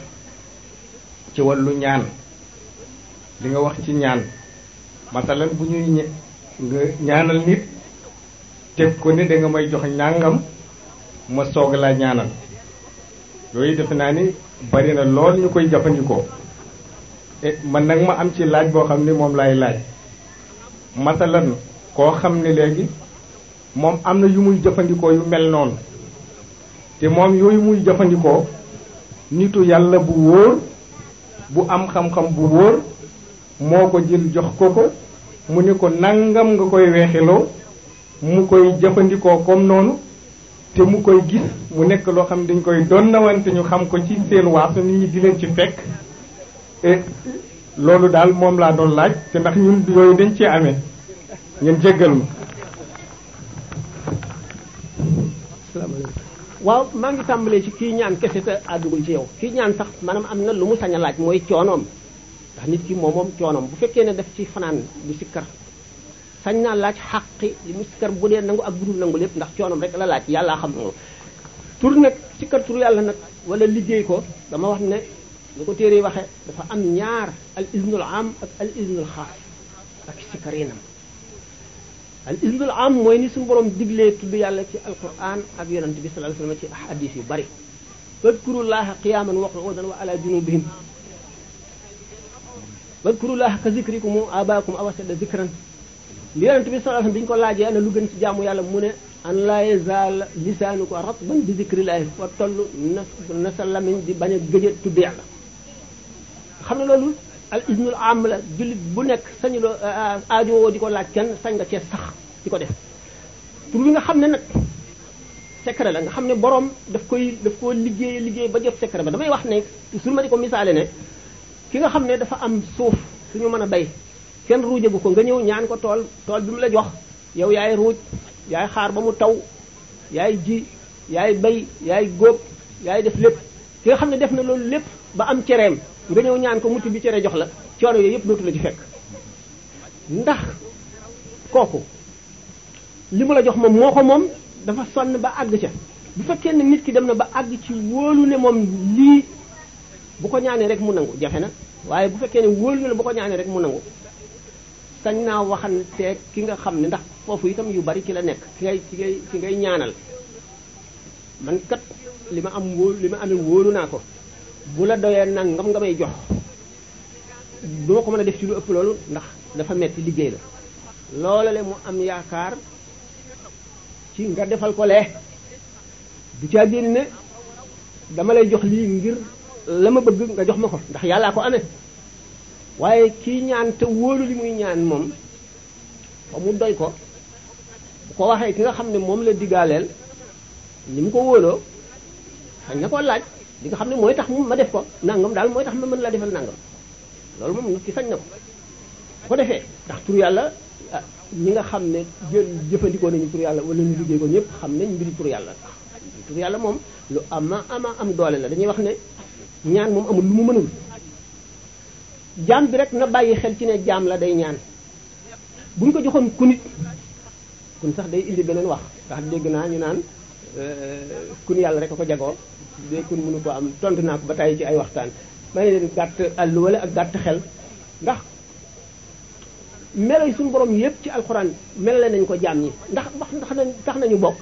ci wàllu ñaan li nga wax ci ñaan masalan bu ñuy nga ñaanal nit teg ko ni da nga may jox njàngam ma soog laa ñaanal yooyu defe naa ni bari na lool ñu koy jëfandikoo e, man nag ma am ci laaj boo xam ni moom laay laaj masalan koo xam ne léegi moom am na yu muy jëfandikoo yu mel noonu te moom yooyu muy jëfandikoo nitu yàlla bu wóor bu am xam-xam bu wóor moo ko jël jox ko ko mu ni ko nangam nga koy weexiloo mu koy jëfandikoo comme noonu te mu koy gis mu nekk loo xam ne dañ koy doon nawante ñu xam ko ci seen waaso nit ñi di leen ci fekk e, loolu daal moom laa doon laaj te ndax ñu yooyu dañ cee amee ngeen jéggal ma waaw maa ngi tàmbalee ci kii ñaan kese te àddugul ci yow kii ñaan sax maanaam am na lu mu sañ laaj mooy coonoom ndax nit ki moom moom coonoom bu fekkee ne def ci fanaan di sikkar sañ naa laaj xaqi li mu sikkar bu nangu ak budul nangu lépp ndax coonom rek la laaj yàllaa xam loolu tur nag sikkar tur yàlla nag wala liggéey ko dama wax ne lu ko téere waxe dafa am ñaar al isnul am al isnul ak sikkar nam al isnul am mooy ni su borom diglee tudd yàlla ci al ak yonent bi sallallahu alayhi wasallam ci ahadis yu bari fadkurullaha qiyaman wa qu'udan wa ala junubihim fadkurullaha ka zikrikum abaakum aw ashadda zikran li yonent bi sallallahu alayhi bi ñu ko laajee ana lu gën ci jaamu yàlla mu ne an laa yazaal lisaanuka ratban bi zikrillahi fa toll na na sa lamiñ di bañ a gëj a tudd yàlla xam ne loolu al isnul am la jullit bu nekk sañ loo euh, euh, aajo woo di ko laaj kenn sañ nga cee sax di ko def tur bi nga xam ne nag secret la nga xam ne borom daf koy daf ko liggéey liggéey ba jëf secret ba damay wax ne toujours ma di ko misaale ne ki nga xam ne dafa am suuf suñu mën a bay kenn ruujagu ko nga ñëw ñaan ko tool tool bi mu la jox yow yaay ruuj yaay xaar ba mu taw yaay ji yaay bay yaay góob yaay def lépp ki nga xam ne def na loolu lépp ba am cereem nga ñëw ñaan ko mutti bi cere jox la coono yooyu yëpp dootu la ci fekk ndax kooku li mu la jox moom moo ko moom dafa sonn ba àgg ca bu fekkee ne nit ki dem na ba àgg ci wóolu ne moom lii bu ko ñaanee rek mu nangu jafe na waaye bu fekkee ne wóolu ne bu ko ñaanee rek mu nangu sañ naa waxanteeg ki nga xam ne ndax foofu itam yu bari ci la nekk ki ngay ki ngay ki ngay ñaanal man kat li ma am wóolu li ma amee wóolu naa ko bu la doyee nag ngam nga may jox du ma ko mën a def ci lu ëpp loolu ndax dafa metti liggéey la loola le mu am yaakaar ci nga defal ko lee du caa génn ne dama lay jox lii ngir la ma bëgg nga jox ma ko ndax yàllaa ko amee waaye kii ñaan te wóolu li muy ñaan moom ba mu doy ko bu ko waxee ki nga xam ne moom la digaaleel ni mu ko wóoloo xañ na koo laaj li nga xam ne mooy tax mu ma def ko nangam daal mooy tax ma mën laa defal nangam loolu moom ki sañ na ko bu ko defee ndax tur yàlla ah, ñi nga xam ne jël jëfandikoo nañu tur yàlla walla ñu liggéey ko ñëpp xam nañ mbiri tur yàlla tur yàlla moom lu ama ama am doole la dañuy wax ne ñaan moom amul lu mu mënul jaam bi rek na bàyyi xel ci ne jaam la day ñaan bu ñu ko joxoon kunit kun sax day indi beneen wax ndax dégg naa ñu naan euh, kun yàlla rek a ko jagoo day kun mënu ko am tont naa ko ba tàyyi ci ay waxtaan may leen gàtt àll wala ak gàtt xel ndax melo yi suñu borom yépp ci alxuraan mel nañ ko jaam ñi ndax wax tax nañu bokk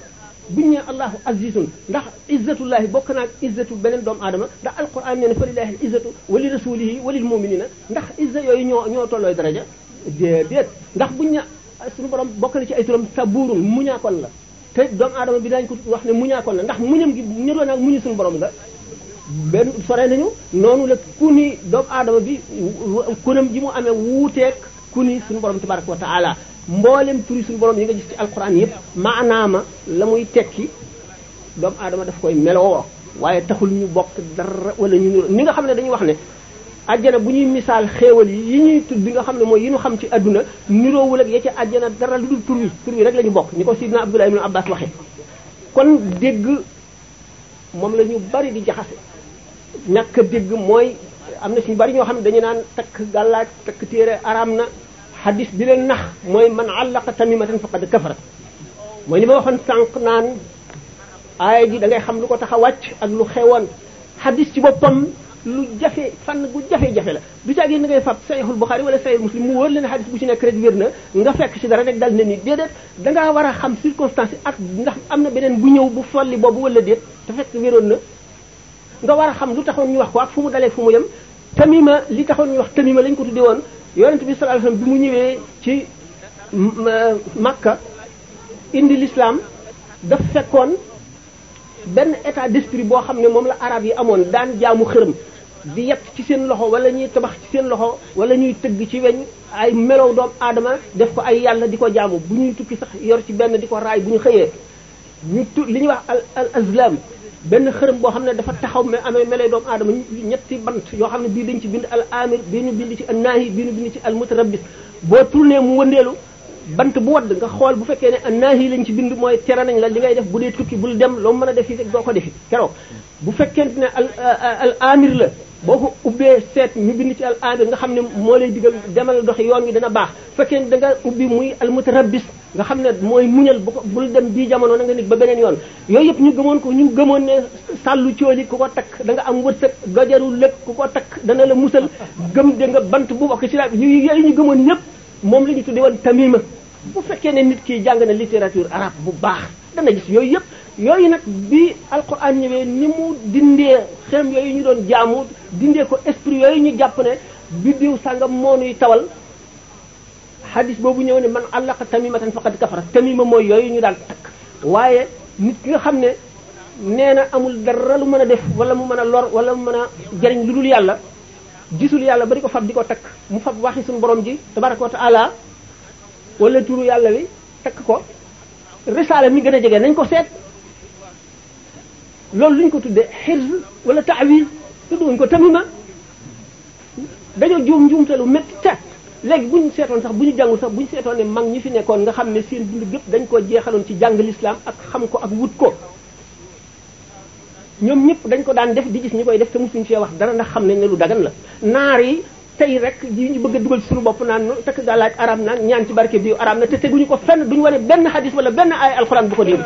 bu ñu nee allahu azizun ndax izzatullahi bokk naag izzatu beneen doomu aadama ndax alquran nee na fa lillahi izzatu wa li rasulihi wa lil ndax izza yooyu ñoo ñoo tollooy daraja déedéet ndax bu ñu sunu suñu borom bokk na ci ay turam sabuurun muñaakoon la te doomu aadama bi dañ ko wax ne muñaakoon la ndax mu muñam gi ñëroon ak muñu suñu borom la benn sore nañu noonu la ku ni doomu aadama bi kunam ji mu amee wuuteeg ku ni suñu borom tabaraka wa taala mboolem turi suñu borom yi nga gis ci alquran yépp maanaama la muy tekki doomu adama daf koy meloo waaye taxul ñu bokk dara wala ñu ni nga xam ne dañuy wax ne ajjana bu ñuy misaal xéewal yi yi ñuy bi nga xam ne mooy yi ñu xam ci adduna niroowul ak ya ci ajjana dara lu dul tur wi rek la ñu bokk ñu ko sidna Abdullah ibn Abbas waxee kon dégg moom la ñu bari di jaxase ñàkk dégg mooy am na suñu bari ñoo xam ne dañu naan takk gàllaaj takk téere araam na xadis bi leen nax mooy man àllaqa tamimatan faqad kafara mooy li ma waxoon sànq naan aaya ji xam lu ko tax wàcc ak lu xewoon xadis ci boppam lu jafe fànn gu jafe-jafe la du caagee na ngay fab sayxul Buxaari wala sayxul Muslim mu wóor leen ne bu ci nekk rek wér na nga fekk ci dara rek dal ne ni déedéet dangaa war a xam circonstance ak ndax am na beneen bu ñëw bu folli boobu wala déet te fekk wéroon na nga war a xam lu taxoon ñu wax ko ak fu mu dalee fu mu yem tamima li taxoon ñu wax tamima lañ ko tudde woon yonent bi sallallahu alayhi bi mu ñëwee ci Makka indi lislaam daf fekkoon benn état d'esprit boo xam ne moom la arab yi amoon daan jaamu xërëm di yett ci seen loxo wala ñuy tabax ci seen loxo wala ñuy tëgg ci weñ ay melow doom aadama def ko ay yàlla di ko jaamu bu ñuy tukki sax yor ci benn di ko raay bu ñu xëyee ñu tu li ñuy wax al al azlam benn xërëm boo xam ne dafa taxaw mais amee melay doomu aadama ñetti bant yoo xam ne bii dañ ci bind al amir bii ñu bind ci an naahi bii ñu bind ci al mutarabbis boo tourné mu wëndeelu bant bu wadd nga xool bu fekkee ne annaahi lañ ci bind mooy tere nañ la di ngay def bu dee tukki bul dem loo mën a def yi doo ko defi keroog bu fekkente ne al euh, euh, al amir la boo ko ubbee seet ñu bind ci al amir nga xam ne moo lay digal demal dox yoon wi dana baax fekkee ne da nga ubbi muy al nga xam ne mooy muñal bu ko bul dem bii jamono na nga nit ba beneen yoon yooyu yëpp ñu gëmoon ko ñu gëmoon ne sàllu cooli ku ko takk da nga am wërsëg gajaru lëg ku ko takk dana la musal gëm de nga bant bu bokk ci la yooyu ñu gëmoon ñëpp moom la ñu tudde woon tamima bu fekkee ne nit kiy jàng na littérature arabe bu baax dana gis yooyu yëpp yooyu nag bi alquran ñëwee ni mu dindee xem yooyu ñu doon jaamu dindee ko esprit yooyu ñu jàpp ne biddiw sàngam moo nuy tawal hadis boobu ñëw ne man allaqa tamimatan faqad kafara tamima mooy yooyu ñu daan takk waaye nit ki nga xam ne nee na amul dara lu mën a def wala mu mën a lor wala mu mën a jariñ lu dul yàlla gisul yàlla bari ko fab di ko takk mu fab waxi suñu borom ji tabaraka wa taala wala turu yàlla li takk ko risaala mi gën a jege nañ ko seet loolu luñ ko tuddee xirz wala taawil tudduñ ko tamima dañoo juum njuumte lu métti te léegi bu ñu seetoon sax buñu ñu jàngul sax bu seetoon ne mag ñi fi nekkoon nga xam ne seen dund gépp dañ ko jeexaloon ci jàng l'islam ak xam ko ak wut ko ñoom ñëpp dañ ko daan def di gis ñi koy def te mosuñ cee wax dara ndax xam nañ ne lu dagan la naar yi tey rek yi ñu bëgg dugal ci suñu bopp naan takk gàllaaj araam na ñaan ci barke bi araam na te teguñu ko fenn duñu wane benn hadis wala benn ay alxuraan ko dégg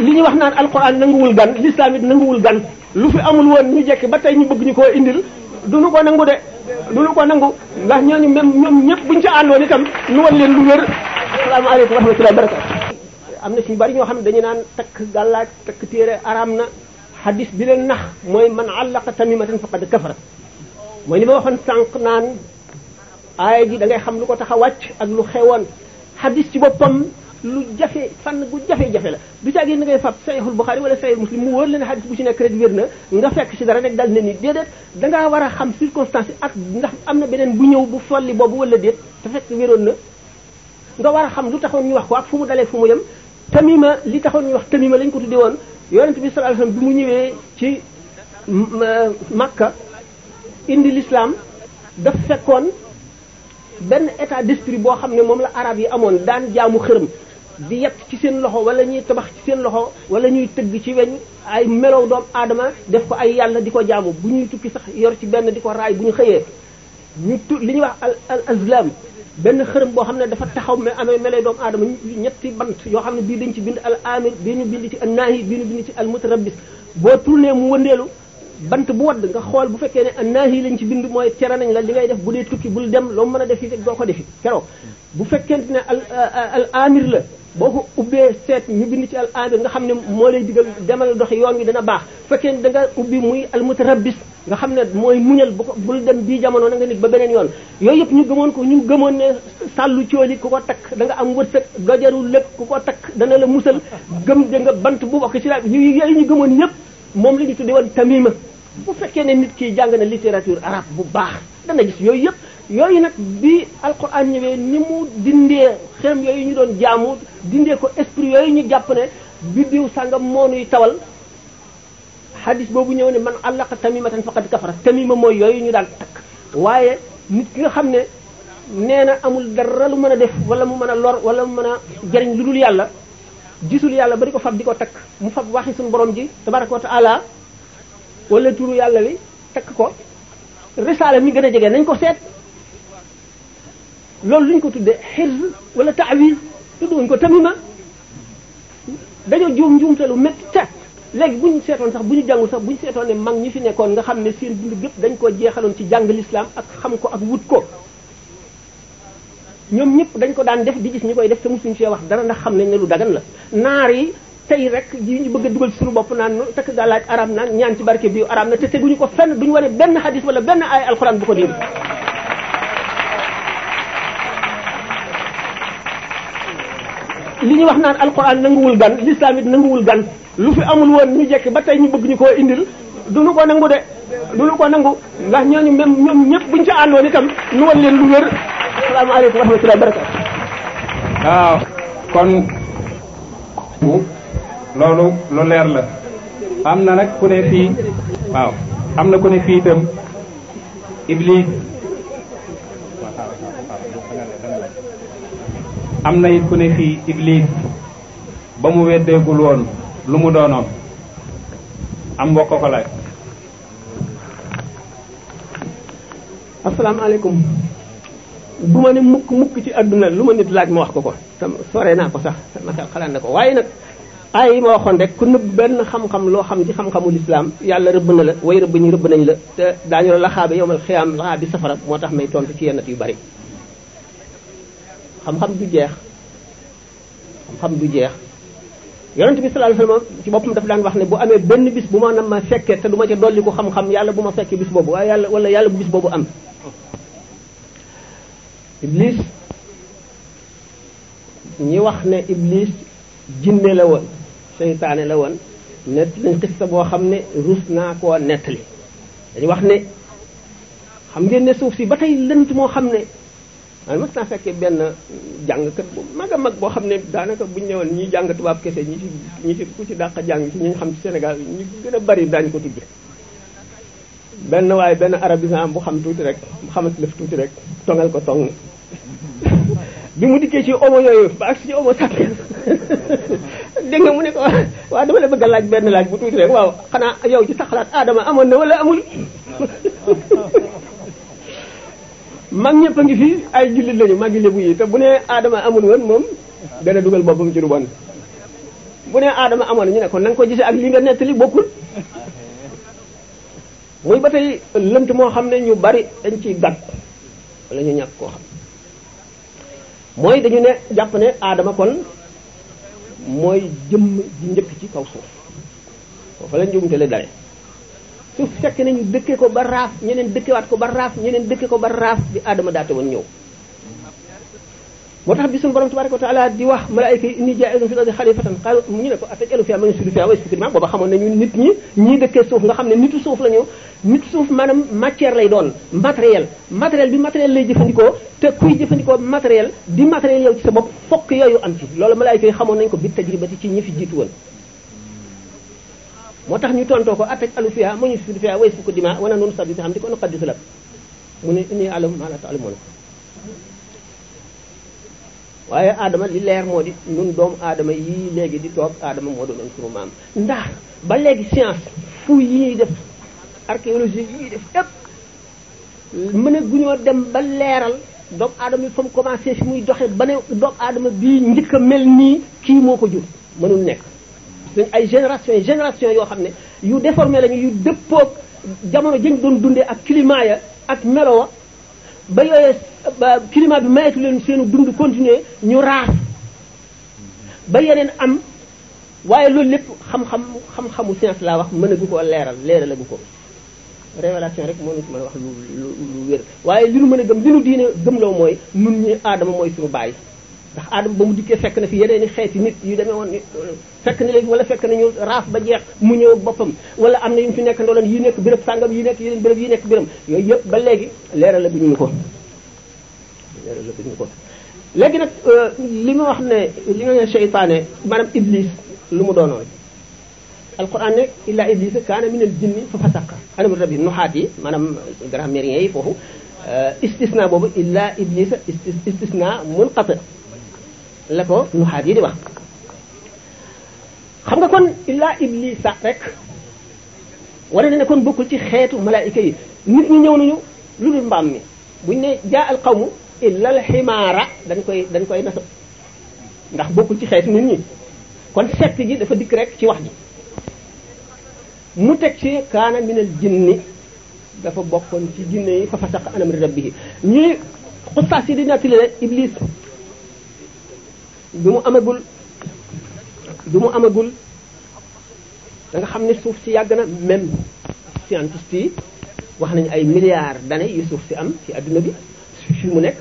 ñu wax naan alxuraan nanguwul gan l'islam nanguwul gan lu fi amul woon ñu jekk ba tey ñu bëgg ñu ko indil duñu ko nangu de duñu ko nangu ndax ñooñu même ñoom ñëpp buñ ca àndoon itam ñu wan leen lu wér asalaamaaleykum wa rahmatullahi wa barakatu am na ci bari ñoo xam ne dañu naan takk gàllaaj takk téere araam na xadis bi leen nax mooy man àllaqa tamimatan faqad kafara mooy li ma waxoon sànq naan aaya ji da ngay xam lu ko tax a wàcc ak lu xewoon xadis ci boppam lu jafe fànn gu jafe-jafe la du caagi na ngay fab sayxul Buxaari wala sayxul Muslim mu wóor la ne xadis bu ci nekk rek wér na nga fekk si dara rek dal ne ni déedéet dangaa war a xam circonstance yi ak ndax am na beneen bu ñëw bu folli boobu wala déet te fekk wéroon na nga war a xam lu taxoon ñu wax ko ak fu mu dalee fu mu yem tamima li taxoon ñu wax tamima lañ ko tudde woon yonent bi sallallahu alayhi wasallam bi mu ñëwee ci Makka indi lislaam daf fekkoon benn état d'esprit boo xam ne moom la arab yi amoon daan jaamu xërëm di yett ci seen loxo wala ñuy tabax ci seen loxo wala ñuy tëgg ci weñ ay melow doom aadama def ko ay yàlla di ko jaamu bu ñuy tukki sax yor ci benn di ko raay bu ñu xëyee ñu tu li ñuy wax al al azlam benn xërëm boo xam ne dafa taxaw mais amee melee doomu aadama ñetti bant yoo xam ne bii dañ ci bind al amir bii ñu bind ci an naahi bii ñu bind ci al mutarabis boo tourné mu wëndeelu bant bu wadd nga xool bu fekkee ne annaahi lañ ci bind mooy tere nañ la li ngay def bu dee tukki bul dem loo mën a def fii doo ko defi keroog bu fekkente ne al al amir la boo ko ubbee seet ñu bind ci al amir nga xam ne moo lay digal demal doxi yoon wi dana baax fekkee ne da nga ubbi muy al mutarabbis nga xam ne mooy muñal bu ko bul dem bii jamono na nga nit ba beneen yoon yooyu yëpp ñu gëmoon ko ñu gëmoon ne sàllu cooli ku ko takk da nga am wërsëg dojaru lépp ku ko takk dana la musal gëm da bant bu bokk ci la yooyu ñu gëmoon yëpp moom la ñu tudde woon tamima bu fekkee ne nit kiy jàng na littérature arabe bu baax dana gis yooyu yëpp yooyu nag bi alquran ñëwee ni mu dindee xërëm yooyu ñu doon jaamu dindee ko esprit yooyu ñu jàpp ne biddiw sàngam moo nuy tawal hadis boobu ñëw ne man allaqa tamimatan faqad kafara tamima mooy yooyu ñu daan takk waaye nit ki nga xam ne nee na amul dara lu mën a def wala mu mën a lor wala mu mën a jariñ lu dul yàlla gisul yàlla ba di ko fab di ko takk mu fab waxi suñu borom ji tabaraka wa wala turu yàlla li takk ko risaala mi gën a jege nañ ko seet loolu luñ ko tuddee xirz wala taawil tudduñ ko tamima dañoo juum njuumte lu métti te léegi bu ñu seetoon sax bu ñu jàngul sax bu ñu seetoon ne mag ñi fi nekkoon nga xam ne seen dund gépp dañ ko jeexaloon ci jàng l'islam ak xam ko ak wut ko ñoom ñëpp dañ ko daan def di gis ñu koy def te mosuñ see wax dara ndax xam nañ ñu lu dagan la naar yi tey rek yi ñu bëgg dugal ci suñu bopp naan takk gàllaaj araam naan ñaan ci barke bi araam na te teguñu ko ñu duñu wane benn xadis wala benn ay alxuraan ko dindi li ñu wax naan alxuraan nanguwul gan l'islam nanguwul gan lu fi amul woon ñu jekk ba tey ñu bëgg ñu koo indil duñu ko nangu de duñu ko nangu ndax ñooñu même ñoom ñëpp buñu ca àndoon itam nu wan lu wér waaw kon loolu lu leer la am na nag ku ne fii waaw am na ku ne fii itam iblis am na it ku fii iblis ba mu weddeegul woon lu mu doonoon am mbokk asalaamaaleykum du ma ne mukk mukk ci àdduna lu ma nit laaj ma wax ko ko sore naa ko sax sama xel xalaat na ko waaye nag ay yi ma waxoon rek ku nëbb benn xam-xam loo xam ci xam-xamul islam yàlla rëbb na la way rëbb ñu rëbb nañ la te daañu la laxaabe yowmal xiyaam laxaabi safara moo tax may tontu ci yennat yu bari xam-xam du jeex xam-xam jeex yonent bi sallallahu alayhi wasallam ci boppam daf daan wax ne bu amee benn bis bu ma nam ma fekkee te du ma ca dolli ko xam-xam yàlla bu ma fekkee bis boobu waaye yàlla wala yàlla bu bis boobu am iblis ñi wax ne iblis jinne la woon seytaane la woon nett nañ xista boo xam ne rus naa koo nettali dañu wax ne xam ngeen ne suuf si ba tey lënt moo xam ne man mas naa fekkee benn jàngkat bu mag a mag boo xam ne daanaka buñu ñëwoon ñuy jàng tubaab kese ñi ci ñi ci ku ci dàq jàng ci ñu xam ci Sénégal ñu gën a bari daañ ko tudde benn waaye benn arabisant bu xam tuuti rek bu xamat lëf tuuti rek tongal ko tong bi mu dikkee ci omo yooyu ba ak mu ne ko waaw dama la bëgg laaj benn laaj bu tuuti rek waaw xanaa yow ci sa xalaat aadama amoon na wala amul mag ñëpp a ngi fii ay jullit lañu mag yi lébu yi te bu ne aadama amul woon moom dana dugal boppam ci lu bon bu ne aadama amoon na ñu ne kon na nga ko gisee ak li nga nettali bokkul muy ba tey lënt moo xam ne ñu bari dañ ciy gàtt wala ñu ñàkk koo xam mooy dañu ne jàpp ne aadama kon mooy jëmm ji njëkk ci kaw suuf foofu la njuumtale dale su fekk nañu dëkkee ko ba raaf ñeneen dëkkewaat ko ba raaf ñeneen dëkkee ko ba raaf bi aadama daate woon ñëw moo tax bi suñu borom tabaraka wa taala di wax malaayika yi inni jaa'ilun fil mu ñu ne ko atajalu fiha man yufsidu fiha wa yasfiku dimaa booba xamoon nañu nit ñi ñii dëkkee suuf nga xam ne nitu suuf la ñu nit suuf maanaam matière lay doon matériel matériel bi matériel lay jëfandikoo te kuy jëfandikoo matériel di matériel yow ci sa bopp fokk yooyu am ci loolu malaayika yi xamoon nañu ko bi tajribati ci ñi fi jiitu woon moo tax ñu tontoo ko atajalu fiha man yufsidu fiha wa yasfiku dimaa wa nahnu nusabbihu bihamdika wa nuqaddisu lak mu ne inni a'lamu waaye aadama li leer moo di ñun doomu aadama yi léegi di toog aadama moo doonoon sunu maam ndax ba léegi science fu yii def archéologie yii def yépp mën a guñoo dem ba leeral doomu aadama yi fa mu commencé si muy doxe ba ne doomu aadama bii njëkk a mel nii kii moo ko jur mënul nekk suñ ay génération génération yoo xam ne yu déformé lañu yu dëppoog jamono jañ doon dundee ak climat ya ak melo ba yooyee climat bi mayetu leen seenu dund continuer ñu raas ba yeneen am waaye loolu lépp xam-xam xam-xamu science laa wax mën a gu ko leeral leeral agu ko révélation rek moo ñu ci mën a wax lu lu lu wér waaye li nu mën a gëm li nu diine gëm loo mooy nun ñi aadama mooy suñu bàyyi ndax aadama ba mu dikkee fekk na fi yeneen i xeeti nit yu demee woon fekk na léegi wala fekk nañu raaf ba jeex mu ñëw ak boppam wala am na yu fi nekk ndooleen yi nekk béréb sàngam yi nekk yeneen béréb yi nekk béréb yooyu yëpp ba léegi leeral la bu ñu ko leeral la bu ñu ko léegi nag euh, li ma wax ne li nga ne seytaane maanaam iblis lu mu doonoon alquran ne illa iblisa kaana minal jinni fa fasaqa anam rabbi nuxaat yi maanaam grammairien yi foofu euh, istisna boobu illa iblisa istisna munqati la ko nuxaat yi wax xam nga kon illaa iblisa rek wane na ne kon bokkul ci xeetu malaayika yi nit ñi ñëw nañu lu dul mbaam mi buñ ne jaa al qawmu illa al dañ koy dañ koy nasab ndax bokkul ci xeet nit ñi kon sett gi dafa dikk rek ci wax ji mu teg ci kaana min al jinni dafa bokkoon ci jinne yi fa fasaqa an amri rabbihi ñuy xustaas yi di na ne iblis bi mu amagul bi mu amagul da xam ne suuf si yàgg na même scientiste yi wax nañu ay milliards d'années yu suuf si am ci àdduna bi fi mu nekk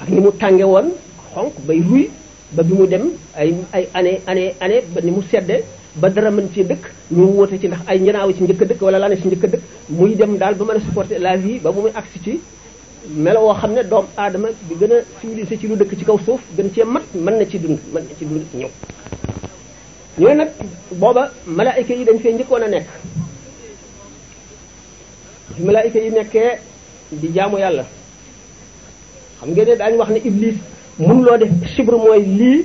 ak ni mu tànge woon xonq bay ruy ba bi mu dem ay ay année année année ba ni mu sedde ba dara mën ci dëkk ñu wootee ci ndax ay ñanaaw ci njëkk dëkk wala laa ne ci njëkk dëkk muy dem daal ba mën a supporter la vie ba bu muy agsi ci melo woo xam ne doom aadama bi gën a civilisé ci lu dëkk ci kaw suuf gën cee mat mën na ci dund mën na ci dund ñëw ñooy nag booba malaayika yi dañ fee njëkkoon a nekk bi malaayika yi nekkee di jaamu yàlla xam ngeen ne daañu wax ne iblis mun loo def chibre mooy lii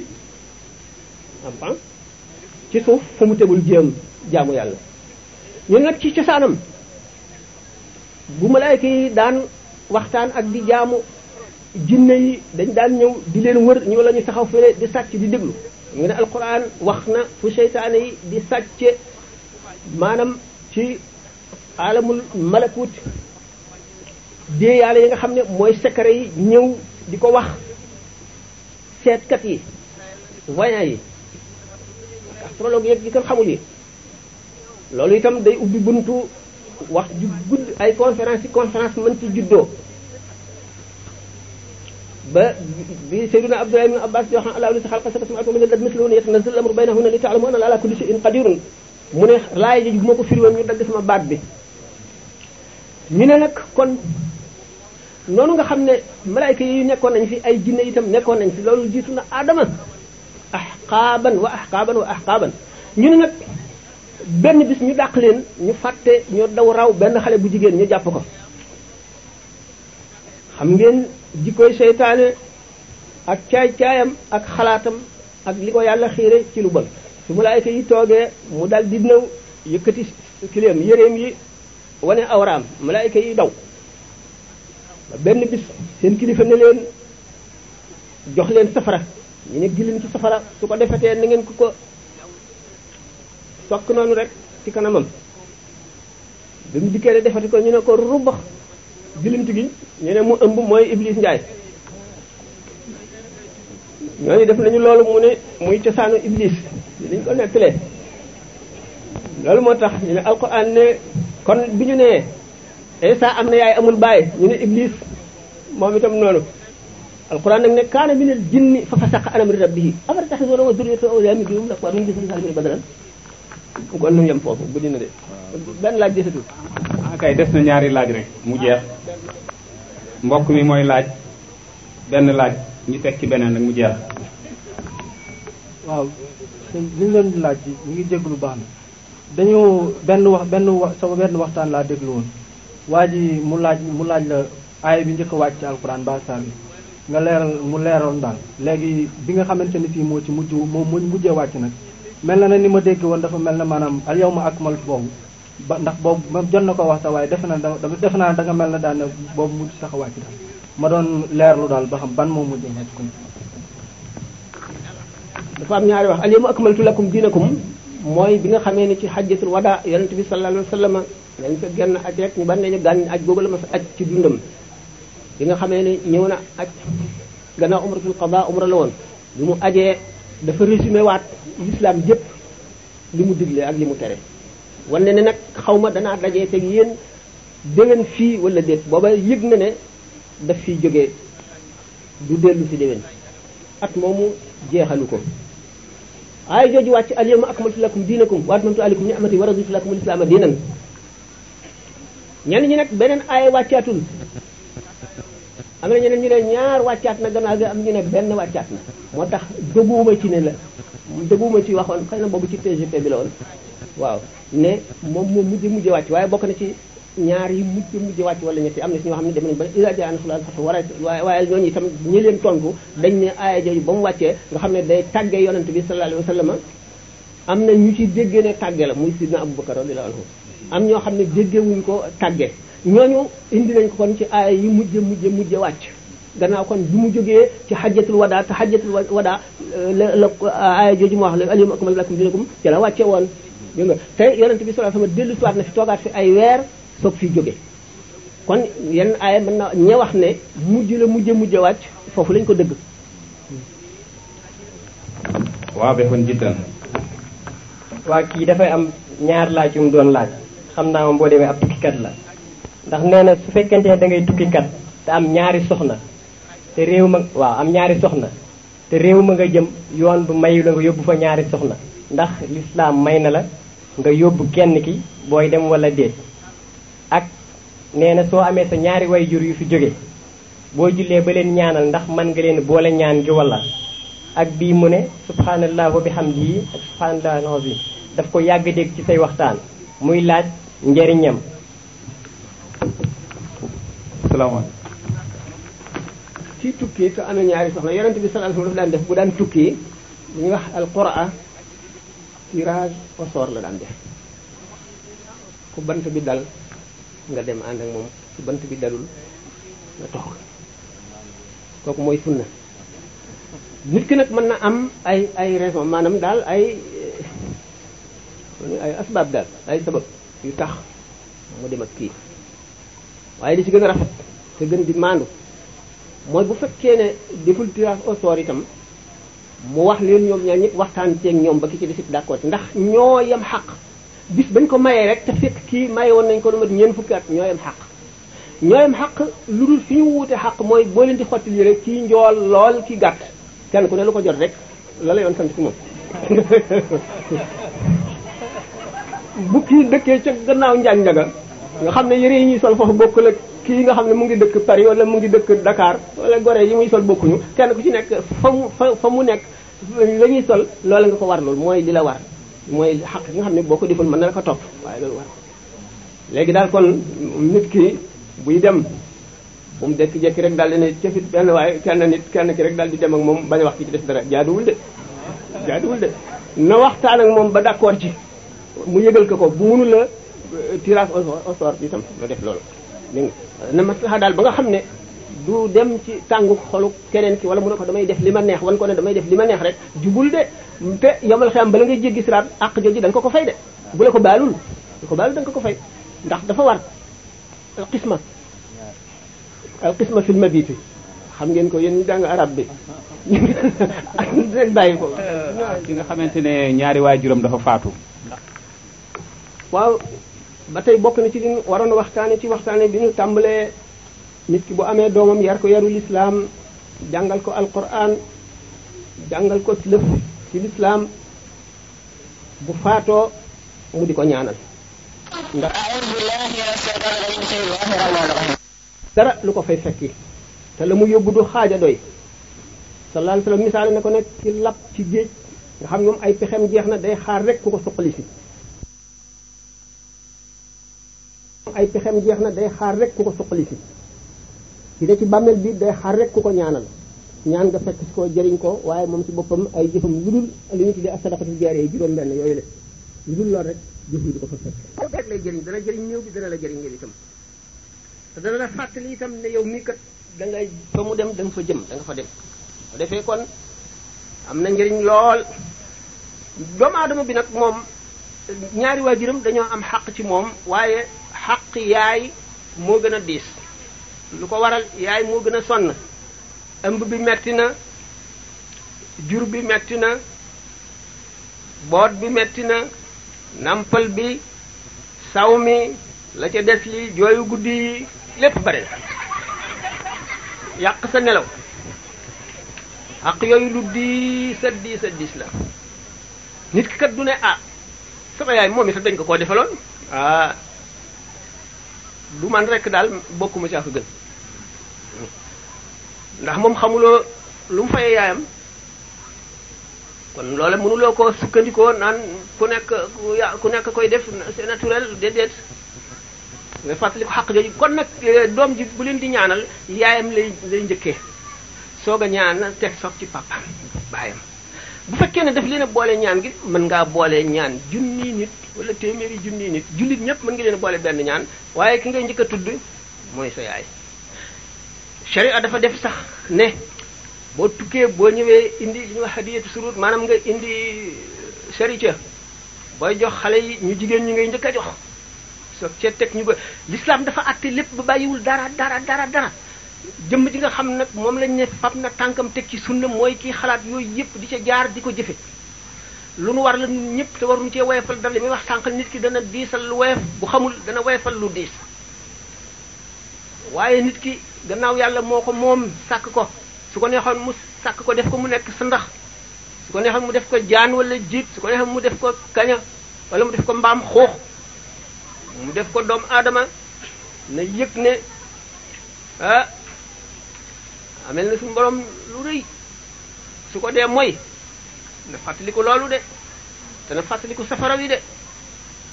ci suuf fu mu tegul jéem jaamu yàlla ñun nag ci cosaanam bu malaayika yi daan waxtaan ak di jaamu jinne yi dañ daan ñëw di leen wër ñu lañu taxaw fële di sàcc di déglu ñu ne alquran wax na fu seytaane yi di sàcce maanaam ci alamul malakut dee yàlla yi nga xam ne mooy secret yi ñëw di ko wax seetkat yi waya yi astrologue yi ak xamul yi loolu itam day ubbi buntu wax ju gudd ay conférence yi conférence mën ci juddoo ba bi Seydina Abdoulaye ibn Abbas yoo xam alaa lu si xalqa sab'a samaawaat wa minal ladunna mithlahunna yatanazzalu al-amru baynahunna li ta'lamu anna ala kulli shay'in qadirun mu ne laay ji bu ma ko firiwoon ñu dagg sama baat bi ñu ne nag kon noonu nga xam ne malaayka yi nekkoon nañ fi ay jinne itam nekkoon nañ fi loolu jiitu na aadama ahqaaban wa ahqaaban wa ahqaaban ñu ne benn bis ñu dàq leen ñu fàtte ñu daw raw benn xale bu jigéen ñu jàpp ko xam ngeen jikkoy seytaane ak caay-caayam ak xalaatam ak li ko yàlla xiire ci lu bon su malaayka yi toogee mu dal di yëkkati kileem yëreem yi wane awraam malaayka yi daw ba benn bis seen kilifa ne leen jox leen safara ñu ne gi ci safara su ko defetee na ngeen ko ko sokk noonu rek ci kanamam bi mu dikkee de defati ko ñu ne ko rubax jilimti gi ñu ne mu ëmb mooy Iblis Njaay ñooñu def nañu loolu mu ne muy cosaanu Iblis li ñu ko nettalee loolu moo tax ñu ne alquran ne kon bi ñu nee Isa am na yaay amul baay ñu ne Iblis moom itam noonu alquran nag ne kaana minal jinni fa fasaqa an amri rabbihi afa tattakhidhunahu wa dhurriyyatahu awliyaa min duunihi wa gis nañu sax li muy kon nu yem foofu guddi na de benn laaj desatu akay ah, des na ñaari laaj rek mu jeex mbokk mi mooy laaj benn laaj ñu teg ci beneen rek mu jeex waaw li ñu leen di laaj ñu ngi baax na dañu benn wax benn wax sama benn waxtaan laa déglu woon waa ji mu laaj mu laaj la aaya bi njëkk a ci alxuraan ba saa bi nga leeral mu leeroon daal léegi bi nga xamante ni fii moo ci mujj moo mujjee wàcc nag mel na ne ni ma dégg woon dafa mel na maanaam al ak akmaltu boobu ba ndax boobu ma jot na ko wax sax waaye defe naa da defe naa da nga mel na daan ne boobu mujj sax a ma doon leerlu daal ba xam ban moo mujjee nekk ko dafa am ñaari wax al yawma akmaltu lakum diinakum mooy bi nga xamee ni ci xajjatul wada yonent bi sallallahu alayhi sa sallam dañ ko genn aj rek ñu ban nañu gànn aj ci dundam bi nga xamee ni ñëw na aj gannaaw umratul qada umra la woon bi mu ajee dafa résumé waat lislaam yépp li mu digle ak li mu tere wane ne nag xaw ma danaa dajee teg yéen déwén fii wala déet booba yëg na ne daf fiy jógee du dellu si déwén at moomu jeexalu ko aaya jooju wàcc al yawma akmaltu lakum diinakum wa atmamtu alaykum ni'mati wa raditu lakum al islaama diinan ñenn ñu nag beneen aaya wàccaatul am na ñeneen ñu ne ñaar wàccaat na gannaaw ga am ñu ne benn wàccaat na moo tax dëgguwuma ci ne la dëgguwuma ci waxoon xëy na boobu ci TGP bi la woon waaw ne moom moo mujj mujj wàcc waaye bokk na ci ñaar yi mujj mujj wàcc wala ñetti am na si ñoo xam ne dem nañ ba ila jaa nasrullah war a waaye ñooñu itam ñi leen tontu dañ ne aaya jooju ba mu wàccee nga xam ne day tàggee yonent bi sallallahu alayhi wa sallam am na ñu ci déggee ne tàgge la muy sidna Abubakar radiyallahu anhu am ñoo xam ne déggewuñ ko tàgge ñooñu indi nañ ko kon ci aaya yi mujj mujj mujj wàcc gannaaw kon bi mu jógee ci xajjatul wadaa te xajjatul wadaa la la aaya jooju mu wax la alyawma akmaltu lakum dinakum ci la wàcce woon bi sallallahu alayhi wasallam na fi toogaat fi ay weer soog fi jóge kon yenn wax ne mujj la mujj mujj wàcc foofu lañ ko dëgg waaw bexun jiddan waa kii dafay am ñaar laaj yu mu doon laaj xam naa moom boo demee ab tukkikat la ndax nee na su fekkente dangay da ngay te am ñaari soxna te réew ma waaw am ñaari soxna te réew ma nga jëm yoon bu mayu la nga yóbbu fa ñaari soxna ndax lislaam may na la nga yóbbu genn ki booy dem walla déet ak nee na soo amee sa ñaari way jur yu fi jóge boo jullee ba leen ñaanal ndax man nga leen boole ñaan gi wala ak bii mu ne subhanallah wa bihamdihi ak subhanallah bi daf ko yàgg dégg ci say waxtaan muy laaj njariñam salaamaaleykum. ci tukki su amee ñaari soxna yonent bi sallallahu alayhi wasallam daf daan def bu daan tukki bu ñuy wax alqura tirage au sort la daan def ku bant bi dal nga dem ànd ak moom ku bant bi dalul nga toog kooku mooy sunna nit ki nag mën na am ay ay raison maanaam daal ay ay asbaab daal ay sabab yu tax mu dem ak kii waaye di ci gën a rafet te gën di maandu mooy bu fekkee ne deful tirage au sort itam mu wax leen ñoom ñaar ñëpp waxtaan ceeg ñoom ba ki ci desit d'accord ndax ñoo yem xaq bis bañ ko mayee rek te fekk kii maye woon nañ ko lu mat ñeent fukki at ñoo yem xaq ñoo yem xaq lu dul fi ñu wuute xaq mooy boo di xotti lii rek kii njool lool ki gàtt kenn ku ne lu ko jot rek la la yoon sant ci moom [LAUGHS] bu kii dëkkee ca gannaaw njaañ njaga nga xam ne yére yi ñuy sol foofu bokkul ak kii nga xam ne mu ngi dëkk Paris wala mu ngi dëkk Dakar wala gore yi muy sol bokkuñu kenn ku ci nekk fa mu fa fa mu nekk la ñuy sol loola nga ko war loolu mooy li la war mooy xaq nga xam ne boo ko deful mën na la ko topp waaye loolu war léegi daal kon nit ki buy dem bu mu dekk jekki rek daal di ne cëfit benn waaye kenn nit kenn ki rek daal di dem ak moom bañ wax ki ci def dara jaaduwul de jaaduwul de na waxtaan ak moom ba d'accord ci mu yëgal ko ko la tirage au sort bi tam lu def loolu dégg ma na maslaha daal ba nga xam ne du dem ci tàngu xolu keneen ki wala mu ne ko damay def li ma neex wan ko ne damay def li ma neex rek jubul de te yomal xiyam bala ngay jéggi siraat àq jooju da nga ko ko fay de bu la ko baalul bu ko baalul da nga ko fay ndax dafa war al qisma al qisma fil mabiti xam ngeen ko yéen ñu jàng arab bi bàyyi ko. ki nga xamante ne ñaari juróom dafa faatu. waaw ba tey bokk na ci li waroon waxtaane ci waxtaane bi ñu tàmbalee nit ki bu amee doomam yar ko yarul islaam jàngal ko alquran jàngal ko lëf ci lislaam bu faatoo mu di ko ñaanal ndax dara lu ko fay fekki te la mu yóbbu du xaaja doy sallallahu alayhi wasallam misaale na ko nekk ci lab ci géej nga xam ñoom ay pexem jeex na day xaar rek ku ko suqali si ay pexem jeex na day xaar rek ku ko suqali si ki ne ci bàmmeel bi day xaar rek ku ko ñaanal ñaan nga fekk ci ko jëriñ ko waaye moom ci boppam ay jëfam lu dul li ñu tuddee assadaqatu jaariya yi juróom benn yooyu la lu dul lool rek jëf yi du ko fa fekk rek lay jëriñ dana jëriñ néew bi dana la jëriñ yow itam te dana yow mii kat da ngay fa mu dem da nga jëm nga fa dem bu defee am na njëriñ lool doomu aadama bi nag moom ñaari waa waajuram dañoo am xaq ci moom waaye xaq yaay moo gën a diis lu ko waral yaay moo gën a sonn ëmb bi metti na jur bi metti na boot bi metti na nampal bi saw mi la ca des yi jooyu guddi yi lépp bare yàq sa nelaw xaq yooyu lu diis a diis a diis la nit ki kat du ne ah sama yaay moom sa dañ ko koo defaloon ah du man rekk daal bokkuma caa ko gën ndax moom xamuloo lu mu fayee yaayam kon loola mënuloo ko sukkandikoo naan ku nekk ku nekk koy def c'est naturel déedéet nga fàttali ko xaq jooju kon nag eh, doom ji bu leen di ñaanal yaayam lay lay njëkkee soog a ñaan teg soog ci papaam baayam bu fekkee ne daf leen a boole ñaan gi mën ngaa boole ñaan junni nit wala téeméeri junni nit jullit ñëpp mën nga leen boole benn ñaan waaye ki ngay njëkk a tudd mooy sa yaay. sharia dafa def sax ne boo tukkee boo ñëwee indi li ñuy wax hadiyatu surut maanaam nga indi charité booy jox xale yi ñu jigéen ñi ngay njëkk a jox. soog cee teg ñu ba l'islam dafa àtte lépp ba bàyyiwul dara dara dara dara. jëmm ji nga xam nag moom lañ ne fab na tànkam teg ci sunna mooy kii xalaat yooyu yëpp di ca jaar di ko jëfe lu nu war la ñun ñëpp te waruñu cee woyefal dara li muy wax sànq nit ki dana diisal lu woyef bu xamul dana woyefal lu diis waaye nit ki gannaaw yàlla moo ko moom sàkk ko su ko neexoon mu sàkk ko def ko mu nekk sa ndax su ko neexoon mu def ko jaan wala jiit su ko neexoon mu def ko kaña wala mu def ko mbaam xuux mu def ko doomu aadama na yëg ne ah, amee na suñu borom lu rëy su ko dee mooy na fàttaliku loolu de te na fàttaliku safara wi de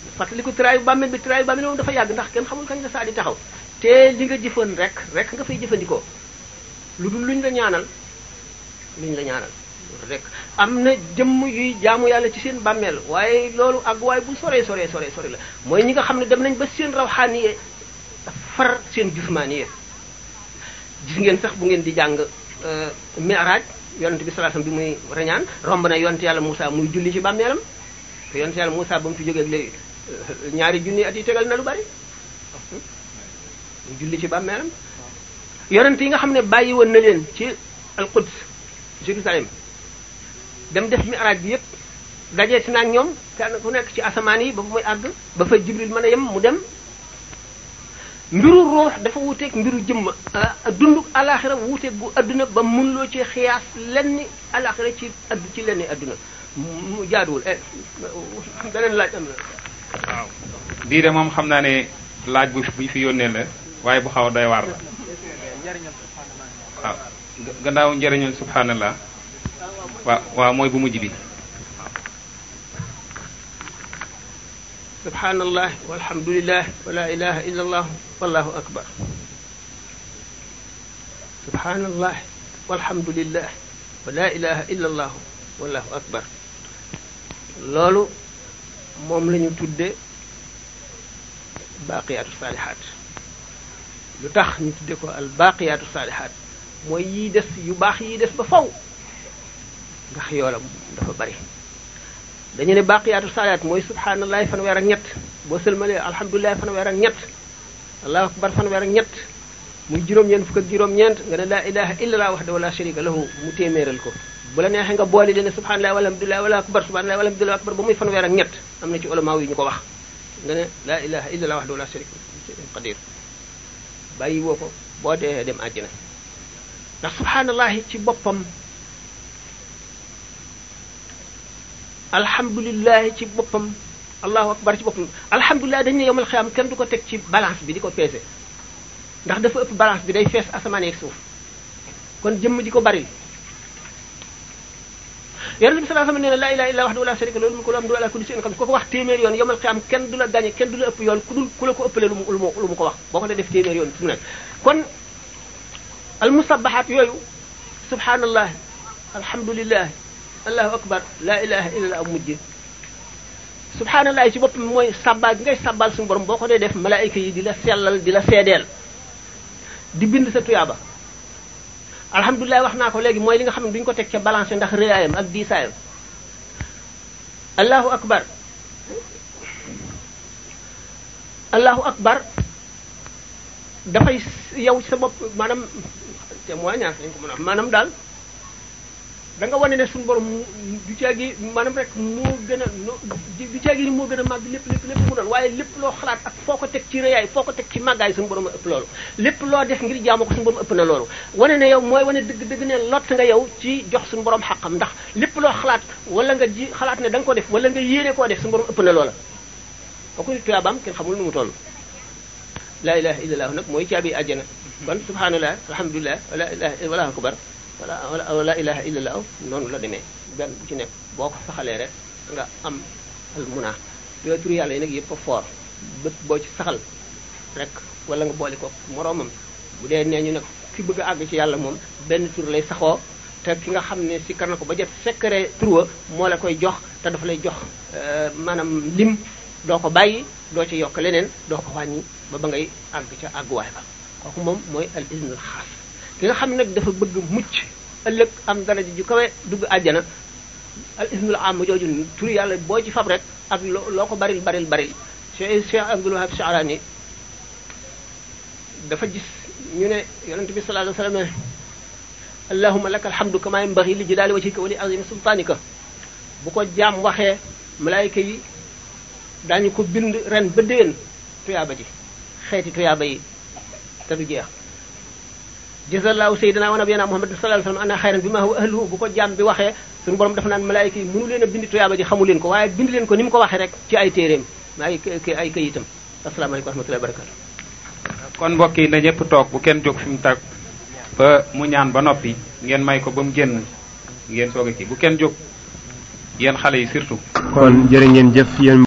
na fàttaliku traayu bàmmeel bi traayu bàmmeel moom dafa yàgg ndax kenn xamul kañ la saa di taxaw te li nga jëfan rek rek nga fay jëfandikoo lu dul luñ la ñaanal luñ la ñaanal rek am na jëm yuy jaamu yàlla ci seen bàmmeel waaye loolu ak waaye bu soree soree soree sore la mooy ñi nga xam ne dem nañ ba seen rawxaaniye far seen jusmaaniye gis ngeen sax bu ngeen di jàng euh, mi'raj yonent bi sallallahu bi muy reñaan romb na yonent yàlla Moussa muy julli ci bàmmeelam te yonent yàlla Moussa ba mu euh, ñaari junni yi na lu bari ci bàmmeelam yonent yi nga xam ne bàyyi woon na leen ci al-Quds Jérusalem dem def mi'raj bi yépp dajeeti naag ñoom ku nekk ci asamaan yi ba fa muy àgg ba fa Jibril mën a yem mu dem mbiru ruux dafa wuuteeg mbiru jëmm ah, dunduk alaxira wuuteeg bu adduna ba munloo ci xiyaas lenni alaxira ci add ci lenni adduna mu jaaduwul eh laaj am na waaw bii de moom xam naa ne laaj bu bu fi yónnee la waaye bu xaw a doy waar la waaw gannaaw njëriñul subhanallah waaw waaw mooy bu mujj bi subhanallah walhamdulillah wala ilaha wallahu akbar subhanallah walhamdulillah wa laa ilaha illa allahu wallahu akbar loolu moom la ñu tudde baaqiyaatu saalihaat lu tax ñu tudde ko al baaqiyaatu saalihaat mooy yii des yu baax yii des ba faw ndax yoolam dafa bari dañu ne baaqiyaatu saalihaat mooy subhaanallahi fanweer ak ñett boo sëlmalee alhamdulilahi fanweer ak ñett allahu akbar fanweer ak ñett muy juróom-ñeent fukk ak juróom-ñeent nga ne laa ilaha illallah wahdahu la sharika lahu mu téeméeral ko bu la neexee nga boole leen subhanallahi walhamdulillahi wala akbar subhanallahi walhamdulillahi akbar ba muy fanweer ak ñett am na ci ulama yu ñu ko wax nga ne laa ilaha la sharika lahu qadir bàyyi woo ko boo dee dem àjjina ndax subhanallahi ci boppam alhamdulillahi ci boppam allahu akbar ci boppam alhamdulilah dañ ne yowmal xiyaam kenn du ko teg ci balance bi di ko peese ndax dafa ëpp balance bi day fees asamaan ak suuf kon jëmm ji ko bari yonent bi sallallahu alayhi wa sallam nee na laa ilaaha illa wahdahu laa sharika lahu mulku wa hamdu wax téeméer yoon yowmal xiyaam kenn du la gañe kenn du la ëpp yoon ku dul ku la ko ëppale lu mu lu mu ko wax boo ko dee def téeméer yoon su mu nekk kon almusabbahaat yooyu subhaanallah alhamdulillah allahu akbar laa ilaha illa allah mujj subhaanallaahi ci boppam mooy sàbbaal bi ngay sàbbaal suñu borom boo ko dee def malaayka yi di la sellal di la seedeel di bind sa tuyaaba alhamdulilah wax naa ko léegi mooy li nga xam ne duñu ko teg ca balancé ndax réyaayam ak diisaayam allahu akbar allahu akbar dafay yow sa bopp maanaam témoignage lañ ko mën a maanaam daal da nga wane ne suñu borom du caagi maanaam rek moo gën a du caagi ni moo gën a màgg lépp lépp lépp mu doon waaye lépp loo xalaat ak foo ko teg ci réyaay foo ko teg ci màggaay suñu borom ëpp loolu lépp loo def ngir jaamoo ko suñu borom ëpp na loolu wane ne yow mooy wane dëgg dëgg ne lot nga yow ci jox suñu borom xaqam ndax lépp loo xalaat wala nga ji xalaat ne da ko def wala nga yéene koo def suñu borom ëpp na loola kooku tuyaabaam kenn xamul nu mu toll laa ilaha illallah nag mooy caabi àjjana kon subhanallah alhamdulillah wala ilaha wala akbar wala la ilaha illa allah noonu la demee benn bu ci nekk boo ko saxalee rek nga am al munaa yooyu turu yàlla yi nag yëpp a foor bët boo ci saxal rek wala nga boole ko moroomam bu dee nee ñu nag ki bëgg àgg ci yàlla moom benn tur lay saxoo te ki nga xam ne sikkar na ko ba jot secret turwa moo la koy jox te dafa lay jox euh, maanaam lim doo ko bàyyi doo ci yokk leneen doo ko wàññi ba ba ngay àgg ca àgguwaay ba kooku moom mooy al isnul ki nga xam nag dafa bëgg mucc ëllëg am daraja ju kawe dugg àjjana al ismul am jooju tur yàlla boo ci fab rek ak loo loo ko baril baril baril Cheikh Cheikh Abdul Wahab Sha'rani dafa gis ñu ne yonent bi sallallahu alayhi wa sallam allahumma laka alhamdu kama yanbaghi li jalaali wajhika wa li bu ko jaam waxee malaayika yi daañu ko bind ren ba déwén tuyaaba ji xeeti tuyaaba yi te du jeex jazallahu sayyidina wa nabiyana muhammad sallallahu alayhi wa sallam ana xayran bi ma huwa ahluhu bu ko jaam bi waxee suñu borom dafa naan malaayika yi mënu leen a bind tuyaaba ji xamu leen ko waaye bind leen ko ni mu ko waxee rek ci ay téeréem ay ay kayitam asalaamaaleykum wa rahmatullahi wa kon mbokk yi na ñëpp toog bu kenn jóg fi mu tag ba mu ñaan ba noppi ngeen may ko ba mu génn ngeen soog a ci bu kenn jóg yéen xale yi surtout kon jërë ngeen jëf yéen